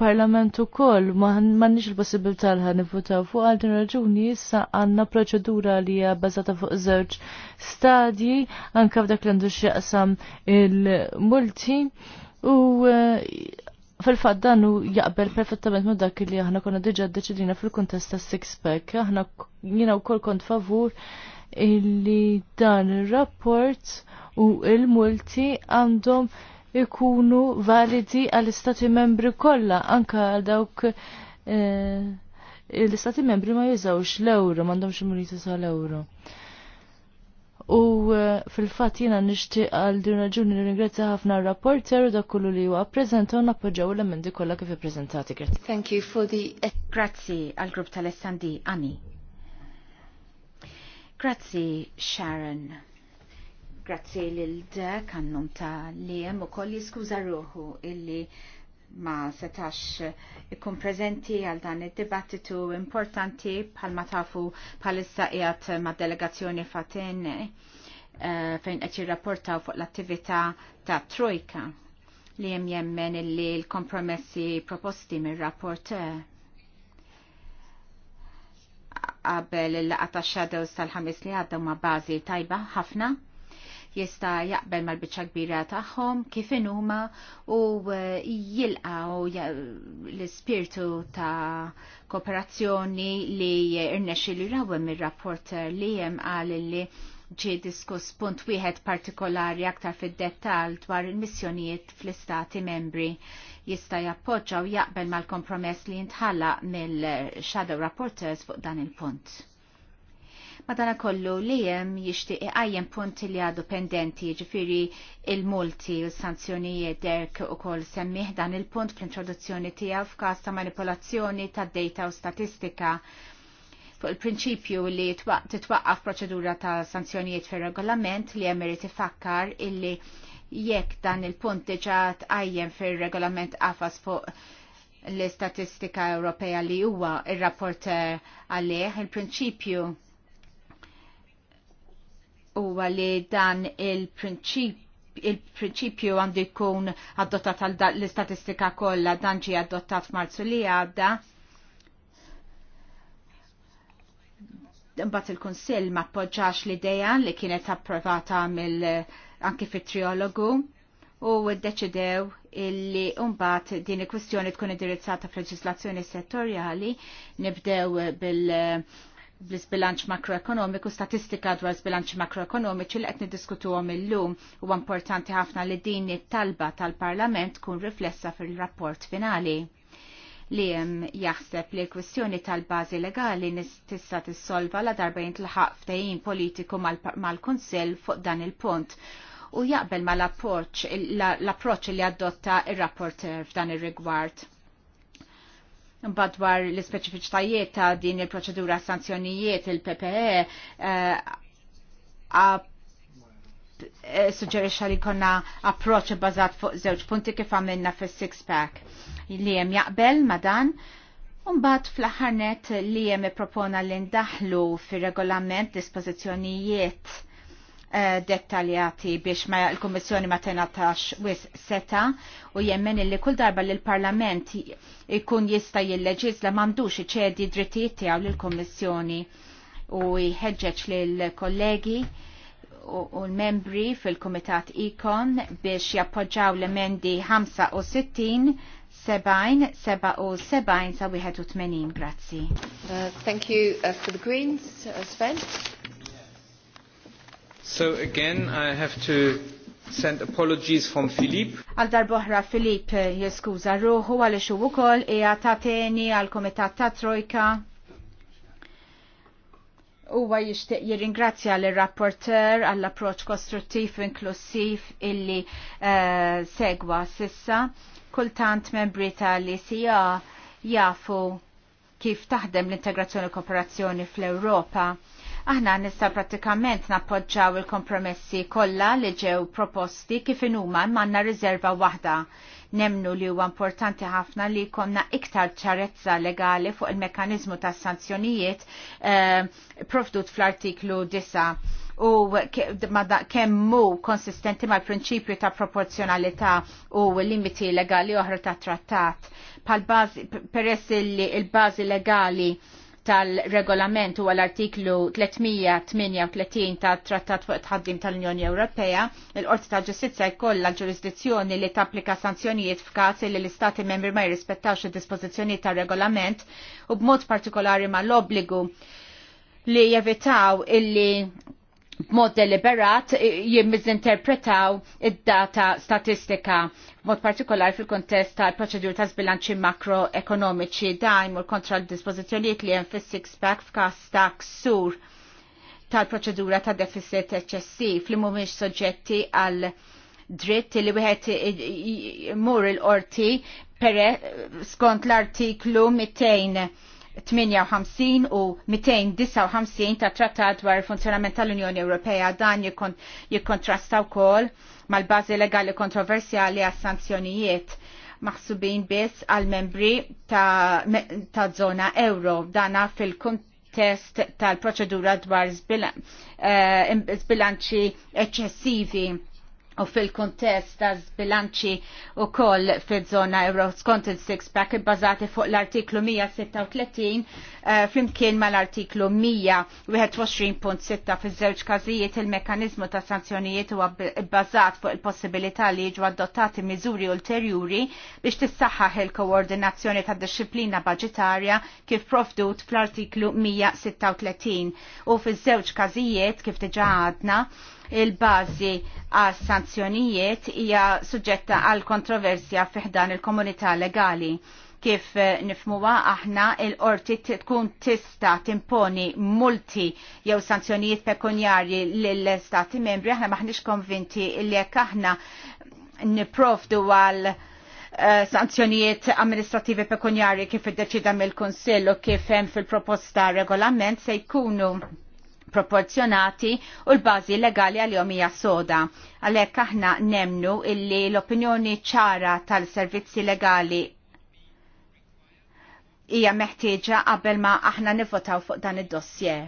Speaker 3: parlament ukoll m'għandniex il-possibilità li nivvutaw fuq għal din raġuni issa għandna proċedura li hija bbażata fuq żewġ stadji anke f'dak l għandu x'jaqsam il-multi u e, fil-fat dan jaqbel perfettament ma dak li aħna konna diġa deċidina fil-kontest ta' six pack aħna jina wkoll kont favur illi dan ir-rapport u il-multi għandhom ikunu validi għall-istati membri kollha anka għal dawk e, l-istati membri ma jizawx l-euro, m'għandhomx il sa l euro U eh, fil-fat jina nishti għal din raġuni nirringrazzja ħafna r-rapporter u dak kullu li huwa appreżenta u nappoġġaw l-emendi kollha kif ippreżentati.
Speaker 2: Thank you for the grazzi għal grupp tal-SND Ani. Grazzi Sharon. Grazzi lil dek għannum ta' li u ukoll jiskuza ruħu illi ma setax ikun prezenti għal dan id-dibattitu importanti bħalma tafu bħalissa qiegħed ma' delegazzjoni fatin eh, fejn qed jirrapportaw fuq l-attività ta' Trojka li jem jemmen illi l-kompromessi proposti mir-rapport qabel il-laqa ta' shadows tal-ħamis li għaddew ma' bażi tajba ħafna jista jaqbel mal biċċa kbira tagħhom kif huma u e, u l-ispirtu ta' kooperazzjoni li irnexxi li rawem ir-rapporter li hemm qal li ġie diskuss punt wieħed partikolari aktar fid-dettall dwar il-missjonijiet fl-istati membri jista jappoġġa u jaqbel mal-kompromess li jintħalla mill-Shadow rapporters fuq dan il-punt. Madana kollu li jem jishtiq għajjem punti li għadu pendenti ġifiri il-multi u sanzjonijiet derk u kol semmiħ dan il-punt fl-introduzzjoni tijaw f'kas ta' manipolazzjoni ta' data u statistika fuq il-prinċipju li titwaqqaf proċedura ta' sanzjonijiet fir regolament li jemmeriti fakkar illi jekk dan il-punt diġat tqajjem fir-regolament għafas fuq l-istatistika Ewropea li huwa il-rapport eh, għalih il-prinċipju huwa li dan il prinċipju għandu jkun adottat għal l-istatistika kollha dan ġie adottat f'Marzu li għadda. Mbagħad il-Kunsill ma appoġġax l-idea li kienet approvata mill anki fit-triologu u ddeċidew illi mbagħad din il-kwistjoni tkun indirizzata fl-leġislazzjoni settorjali nibdew bil- uh, bl-sbilanċ makroekonomiku, statistika dwar sbilanċ makroekonomiċi li qed niddiskutu għom illum u importanti ħafna li din it-talba tal-Parlament kun riflessa fil-rapport finali li jem jaħseb li l-kwistjoni tal-bazi legali nistissa tissolva la darba tl ftejin politiku mal-Konsil fuq dan il-punt u jaqbel ma l-approċ li adotta il-rapporter f'dan il-rigward Badwar l-ispeċifiċitajiet ta' din il-proċedura sanzjonijiet il-PPE eh, eh, suġġerixxa li konna approċċ bbażat fuq żewġ punti kif għamilna fis-six pack. Li hemm jaqbel ma' dan, Umbat fl-ħarnet li jem ippropona li ndaħlu fir regolament dispożizzjonijiet Eh, dettaljati biex ma l-Kommissjoni ma tenatax wis seta u jemmen li kull darba li l-Parlament ikun jista jilleġizla mandux iċedi drittijiet tiegħu lill-Kommissjoni u jħeġġeġ lill-kollegi u l-membri fil-Komitat Ikon biex jappoġġaw l-emendi 65 70, 77 sa 81. Grazzi. Uh, thank you uh, for the Greens, uh, Sven.
Speaker 1: So again, I have to send apologies from Filip.
Speaker 2: Għal darboħra Filip eh, jeskuza ruħu għal xu wkoll hija e tateni għal komitat ta' Trojka. Huwa jixtieq jirringrazzja l rapporter għall approċ kostruttiv inklusiv illi uh, segwa sissa. Kultant membri tal-ICA jafu kif taħdem l-integrazzjoni u kooperazzjoni fl-Ewropa Aħna nista pratikament nappoġġaw il-kompromessi kollha li ġew proposti kif inhuma manna riserva waħda. Nemnu li huwa importanti ħafna li konna iktar ċarezza legali fuq il-mekanizmu tas sanzjonijiet eh, provdut profdut fl-artiklu 9 u kemmu konsistenti mal prinċipju ta' proporzjonalità u limiti legali oħra ta' trattat. Pal bazi, peress il-bazi legali tal-regolament u għal-artiklu 338 tal trattat fuq tħaddim tal-Unjoni Ewropea, il-Qorti tal Ġustizja jkollha ġurisdizzjoni li tapplika sanzjonijiet f'każ li l-Istati membri ma jirrispettawx id dispożizzjonijiet tar-regolament u b'mod partikolari ma l-obbligu li jevitaw illi b'mod deliberat jimmiżinterpretaw id-data statistika mod partikolar fil-kontest tal-proċedur ta' sbilanċi makroekonomiċi dajm u kontra l-dispozizjoniet li jen fis six pack f'kas ta' ksur tal-proċedura ta' deficit eċessiv li mumiex soġġetti għal dritt li wieħed mur il-qorti skont l-artiklu 200 58 u 259 ta' trattat dwar il-funzjonament tal-Unjoni Ewropea dan jikkontrasta wkoll mal-bażi legali kontroversjali għas sanzjonijiet maħsubin biss għal membri ta', ta zona euro dana fil-kontest tal-proċedura dwar eh, zbilanċi eccessivi u fil-kontest ta' bilanċi u koll fil-zona euro skont il-six pack bazati fuq l-artiklu 136 uh, eh, flimkien ma l-artiklu 121.6 fil-żewġ kazijiet il-mekanizmu ta' sanzjonijiet u bazat fuq il-possibilità li jiġu adottati miżuri ulterjuri biex tissaħħaħ il-koordinazzjoni ta' disciplina budgetarja kif profdut fl-artiklu 136 u fil-żewġ kazijiet kif diġa għadna il-bażi għas sanzjonijiet hija suġġetta għal kontroversja fiħdan il-komunità legali kif eh, nifmuwa aħna il-qorti tkun tista timponi multi jew sanzjonijiet pekunjarji lill-stati membri aħna maħniex konvinti li jekk aħna niprofdu għal eh, sanzjonijiet amministrativi pekunjarji kif iddeċida mill-Kunsill u kif hemm fil-proposta regolament se jkunu proporzjonati u l-bazi legali għal-jom hija soda. Għalhekk aħna nemnu illi l-opinjoni ċara tal-servizzi legali hija meħtieġa qabel ma aħna nivvotaw fuq dan id-dossier.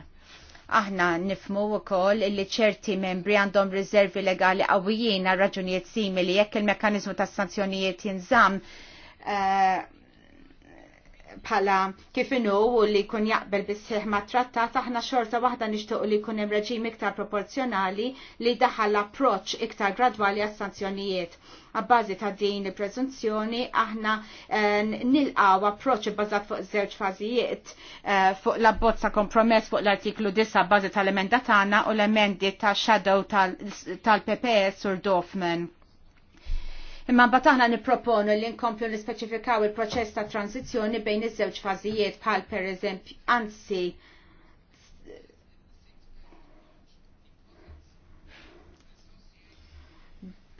Speaker 2: Aħna nifmu wkoll li ċerti membri għandhom riservi legali qawwijin għal raġunijiet simili jekk il-mekkaniżmu tas-sanzjonijiet jinżamm uh, bħala kif inu u li jkun jaqbel bisseħ ma' trattat aħna xorta waħda nishtuq li jkun hemm reġim iktar proporzjonali li daħal l-approċ iktar gradwali għas-sanzjonijiet. Abbażi ta' din il-preżunzjoni aħna eh, nilqaw approċċ bbażat fuq żewġ fażijiet eh, fuq l-abbozza kompromess fuq l-artiklu disa bażi tal-emenda tagħna u l-emendi ta' shadow tal-PPS sur Dofman. Imma mbagħad aħna nipproponu li nkomplu nispeċifikaw il-proċess ta' tranzizzjoni bejn iż-żewġ fażijiet bħal pereżempju anzi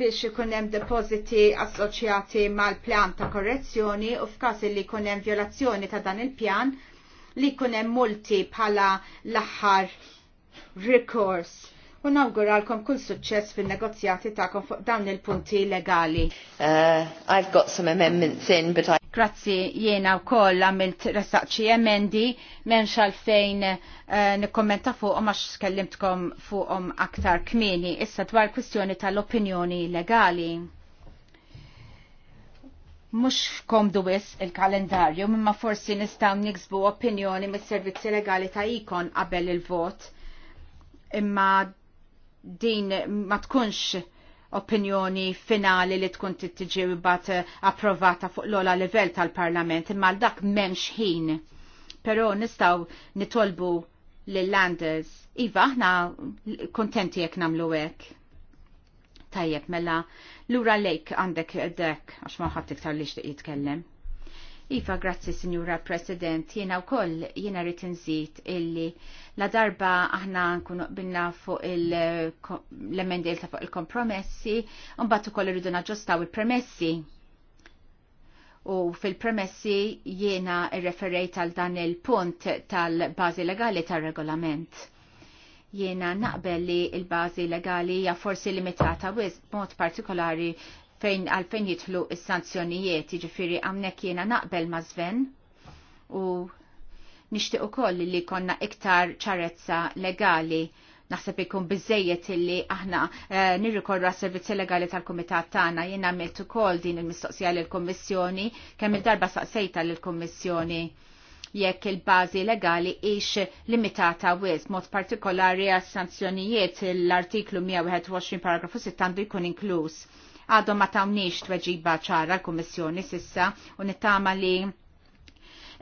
Speaker 2: biex ikun hemm depożiti assoċjati mal-pjan ta' korrezzjoni u f'każ li jkun hemm violazzjoni ta' dan il-pjan li jkun hemm multi bħala l-aħħar rikors u nawguralkom kull suċċess fin-negozjati tagħkom fuq dawn il-punti legali. Uh, I've got some amendments in, but I... Grazzi, jiena koll għamilt ressaqċi emendi, m'hemmx għalfejn uh, nikkommenta fuqhom għax fuq fuqhom aktar kmieni, issa dwar kwistjoni tal-opinjoni legali mux komdu wis il-kalendarju, imma forsi nistaw niksbu opinjoni mis servizzi legali ta' ikon qabel il-vot. Imma din ma tkunx opinjoni finali li tkun tittiġi bat eh, approvata fuq l-ola livell tal-parlament imma dak memx ħin. Pero nistaw nitolbu l-Landers. Iva, aħna kontenti jek namlu hekk. Tajjeb, mela, lura lejk għandek dek, għax ma ħadd iktar li jitkellem. Iva, grazzi Signora President, jena u koll jena ritinżit illi la darba aħna nkunu qbilna fuq l emendil ta' fuq il-kompromessi, battu koll rridu naġġostaw il-premessi. U fil-premessi jena referejt għal dan il-punt tal-bazi legali tal-regolament jiena naqbel li il-bazi legali hija forsi limitata wis mod partikolari fejn għalfejn jitħlu is-sanzjonijiet, jiġifieri hawnhekk jiena naqbel ma' Sven u nixtieq ukoll li konna iktar ċarezza legali naħseb ikun bizzejiet li aħna eh, nirrikorra servizzi legali tal-Komitat tagħna jien għamilt ukoll din il-mistoqsija lill kummissjoni kemm il-darba saqsejta lill kummissjoni jekk il-bażi legali hix limitata wis mod partikolari għas sanzjonijiet l-artiklu 121 paragrafu 6 għandu jkun inkluż għadhom ma tawniex tweġiba ċara l-Kummissjoni sissa u nittama li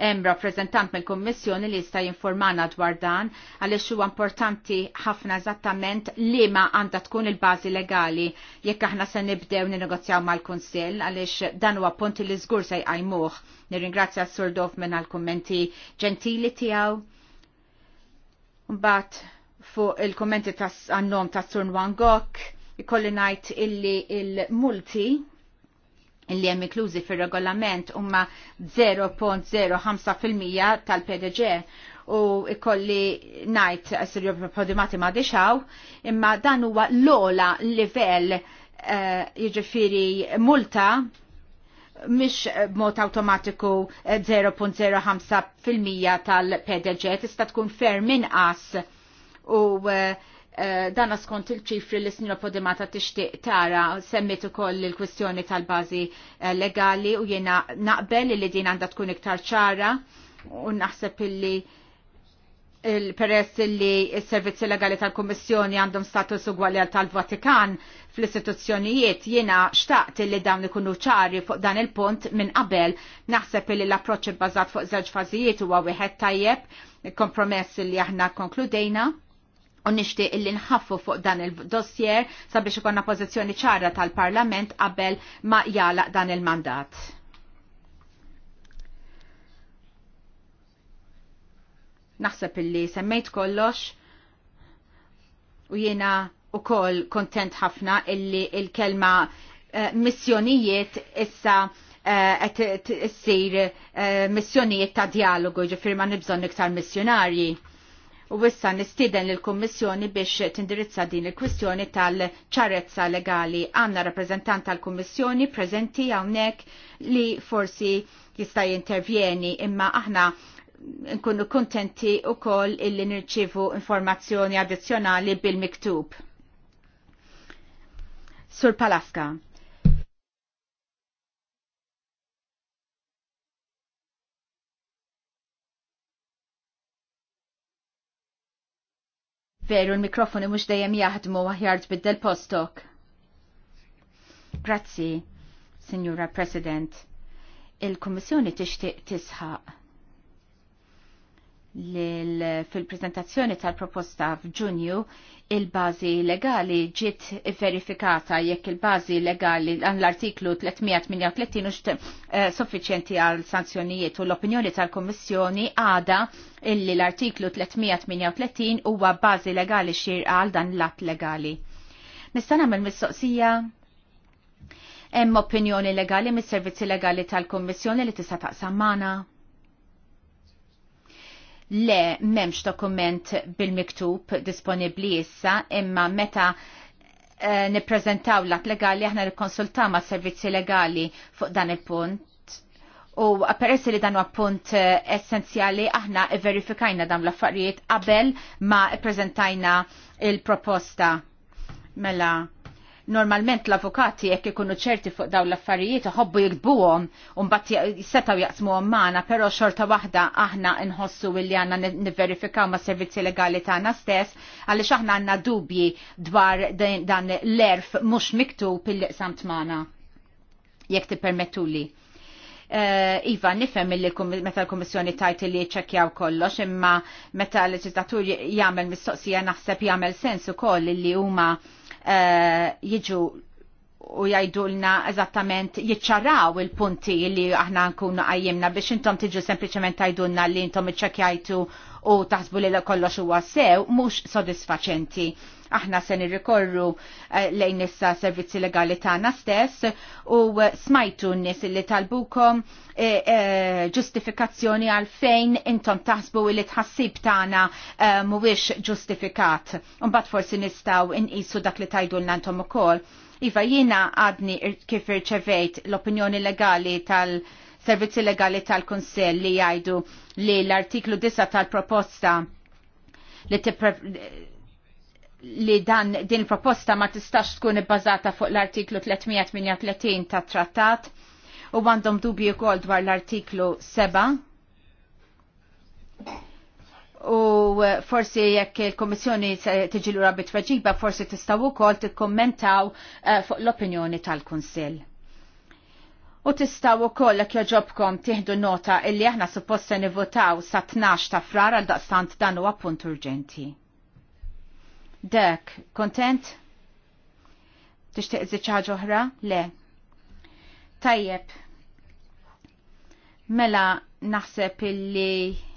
Speaker 2: hemm rappreżentant mill-Kummissjoni li jista' jinformana dwar dan għaliex huwa importanti ħafna eżattament li ma għandha tkun il-bażi legali jekk aħna se nibdew ninegozjaw mal-Kunsill għaliex dan huwa punt li żgur se jqajmuh. Nirringrazzja s-Sur Dofmen għall-kummenti ġentili tiegħu. Mbagħad fuq il-kommenti tas-annom tas-Sur Nwangok ikolli ngħid illi il-multi illi hemm inklużi fir-regolament huma 0.05% tal-PDG u ikolli ngħid jubi Podimati ma dixaw, imma dan huwa l-ola livell uh, jiġifieri multa mish mod automatiku 0.05% tal-PDG tista' tkun ferm inqas u uh, Eh, dana skont il-ċifri li snira podimata tixtieq tara semmet ukoll il-kwestjoni tal-bażi eh, legali u jiena naqbel li din għandha tkun iktar ċara u naħseb illi peress li s-servizzi legali tal-Kommissjoni għandhom status ugwali tal-Vatikan fl-istituzzjonijiet jiena xtaqt li dawn ikunu ċari fuq dan il-punt minn qabel naħseb li l-approċċ bbażat fuq żewġ fażijiet huwa wieħed tajjeb kompromess li aħna konkludejna u nishtiq illi nħaffu fuq dan il-dossier sabiex ikonna pożizzjoni ċara tal-Parlament qabel ma jala dan il-mandat. Naħseb illi semmejt kollox u jiena u koll kontent ħafna illi il-kelma eh, missjonijiet issa eh, qed issir eh, missjonijiet ta' dialogu ġifier ma nibżonn iktar missjonarji U wissa nistiden l-Kommissjoni biex tindirizza din il-kwistjoni tal-ċarezza legali. Għanna rappresentant tal-Kommissjoni prezenti għawnek li forsi jista' jintervjeni imma aħna nkunu kontenti u kol illi nirċivu informazzjoni addizjonali bil-miktub. Sur Palaska. Veru l-mikrofoni mhux dejjem jaħdmu aħjar tbiddel postok. Grazzi, Signora President. Il-Kummissjoni tixtieq tisħaq fil-prezentazzjoni tal-proposta f'Ġunju il-bazi legali ġiet verifikata jekk il-bazi legali l-artiklu 338 ux uh, suffiċjenti għal sanzjonijiet u l-opinjoni tal komissjoni għada illi l-artiklu 338 huwa bazi legali xir għal dan l-att legali. Nista' nagħmel mistoqsija hemm opinjoni legali mis-servizzi legali tal-Kommissjoni li tista' taqsam Le, memx dokument bil-miktub disponibli issa, imma meta eh, niprezentaw l-att legali aħna nikkonsultaw ma' servizzi legali fuq dan il-punt. U peress li dan punt eh, essenzjali aħna verifikajna dan l-affarijiet qabel ma prezentajna il-proposta. Mela, Normalment l-avukati jekk ikunu ċerti fuq daw l-affarijiet ħobbu jikbuhom u mbagħad setgħu jaqsmuhom magħna, però xorta waħda aħna nħossu li għandna nivverifikaw ma' servizzi legali tagħna stess għaliex aħna għandna dubji dwar dan l-erf mhux miktub il-liqsam tmana. Jekk tippermettuli. Eh, iva, nifem li meta l-Komissjoni tajt li ċekjaw kollox, imma meta l-leġislatur jagħmel mistoqsija naħseb jagħmel sens ukoll li huma Uh, jiġu u jajdulna eżattament jiċċaraw il-punti li aħna nkunu għajjimna biex intom tiġu sempliciment tajdulna li intom iċċakjajtu u taħsbu li kollox huwa sew mhux sodisfaċenti. Aħna se nirrikorru eh, lejn issa servizzi legali tagħna stess u eh, smajtu n-nies li talbukom eh, ġustifikazzjoni għal fejn intom taħsbu li tħassib tagħna mhuwiex ġustifikat. Imbagħad forsi nistgħu inqisu dak li tajdulna intom ukoll Iva jiena għadni kif irċevejt l-opinjoni legali tal- servizzi legali tal-Konsell li jgħidu li l-artiklu 9 tal-proposta li li dan din proposta ma tistax tkun ibbażata fuq l-artiklu 338 tat trattat u għandhom dubju wkoll dwar l-artiklu 7 u eh, forsi jekk il-Komissjoni tiġi lura bitweġiba forsi tistgħu wkoll tikkommentaw eh, fuq l-opinjoni tal-Kunsill. U tistaw wkoll jekk joġobkom tieħdu nota illi aħna suppost se nivotaw sa 12 ta' frar għal daqstant dan huwa punt urġenti. Dek, kontent? Tixtieq żiċ ħaġa oħra? Le. Tajjeb. Mela naħseb illi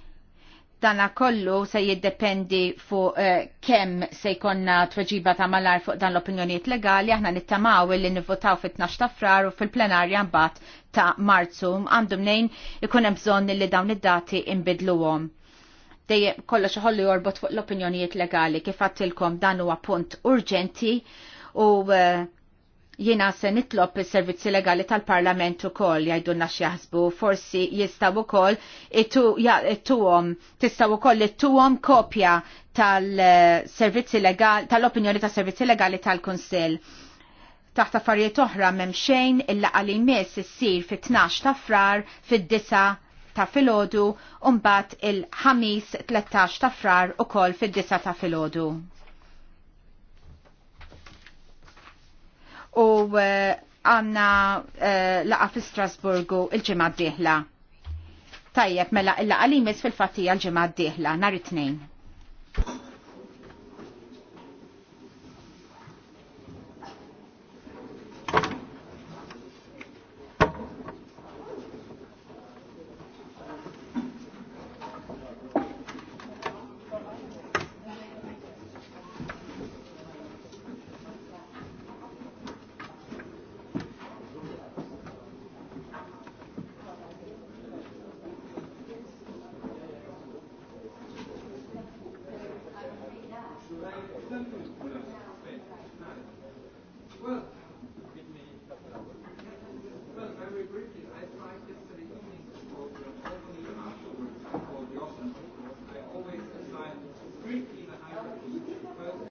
Speaker 2: dana kollu se jiddependi fuq uh, kemm se jkonna tweġiba ta' malar fuq dan l-opinjonijiet legali, aħna nittamaw li nivvotaw fit-12 ta' frar u fil-plenarja mbagħad ta' Marzu għandhom nejn ikun hemm bżonn li dawn id-dati inbidluhom. Dejjem kollox xoħollu jorbot fuq l-opinjonijiet legali kif għattilkom dan huwa punt urġenti u uh, Jiena se nitlob is-servizzi legali tal-Parlament ukoll jgħidulna x'jaħsbu forsi jistgħu wkoll ittuhom tistgħu ukoll ittuhom kopja tal-servizzi legali tal-opinjoni tas-servizzi legali tal-Kunsill. Taħt affarijiet oħra m'hemm xejn illa għal miss issir fit-12 ta' frar fid-disa ta' filgħodu u mbagħad il-ħamis 13 ta' frar ukoll fid-disa ta' filgħodu. u eh, għanna eh, laqa fi Strasburgu il-ġimgħa d-dieħla. Tajjeb, mela il-laqa li fil-fatija il ġimgħa d dihla nhar it-tnejn.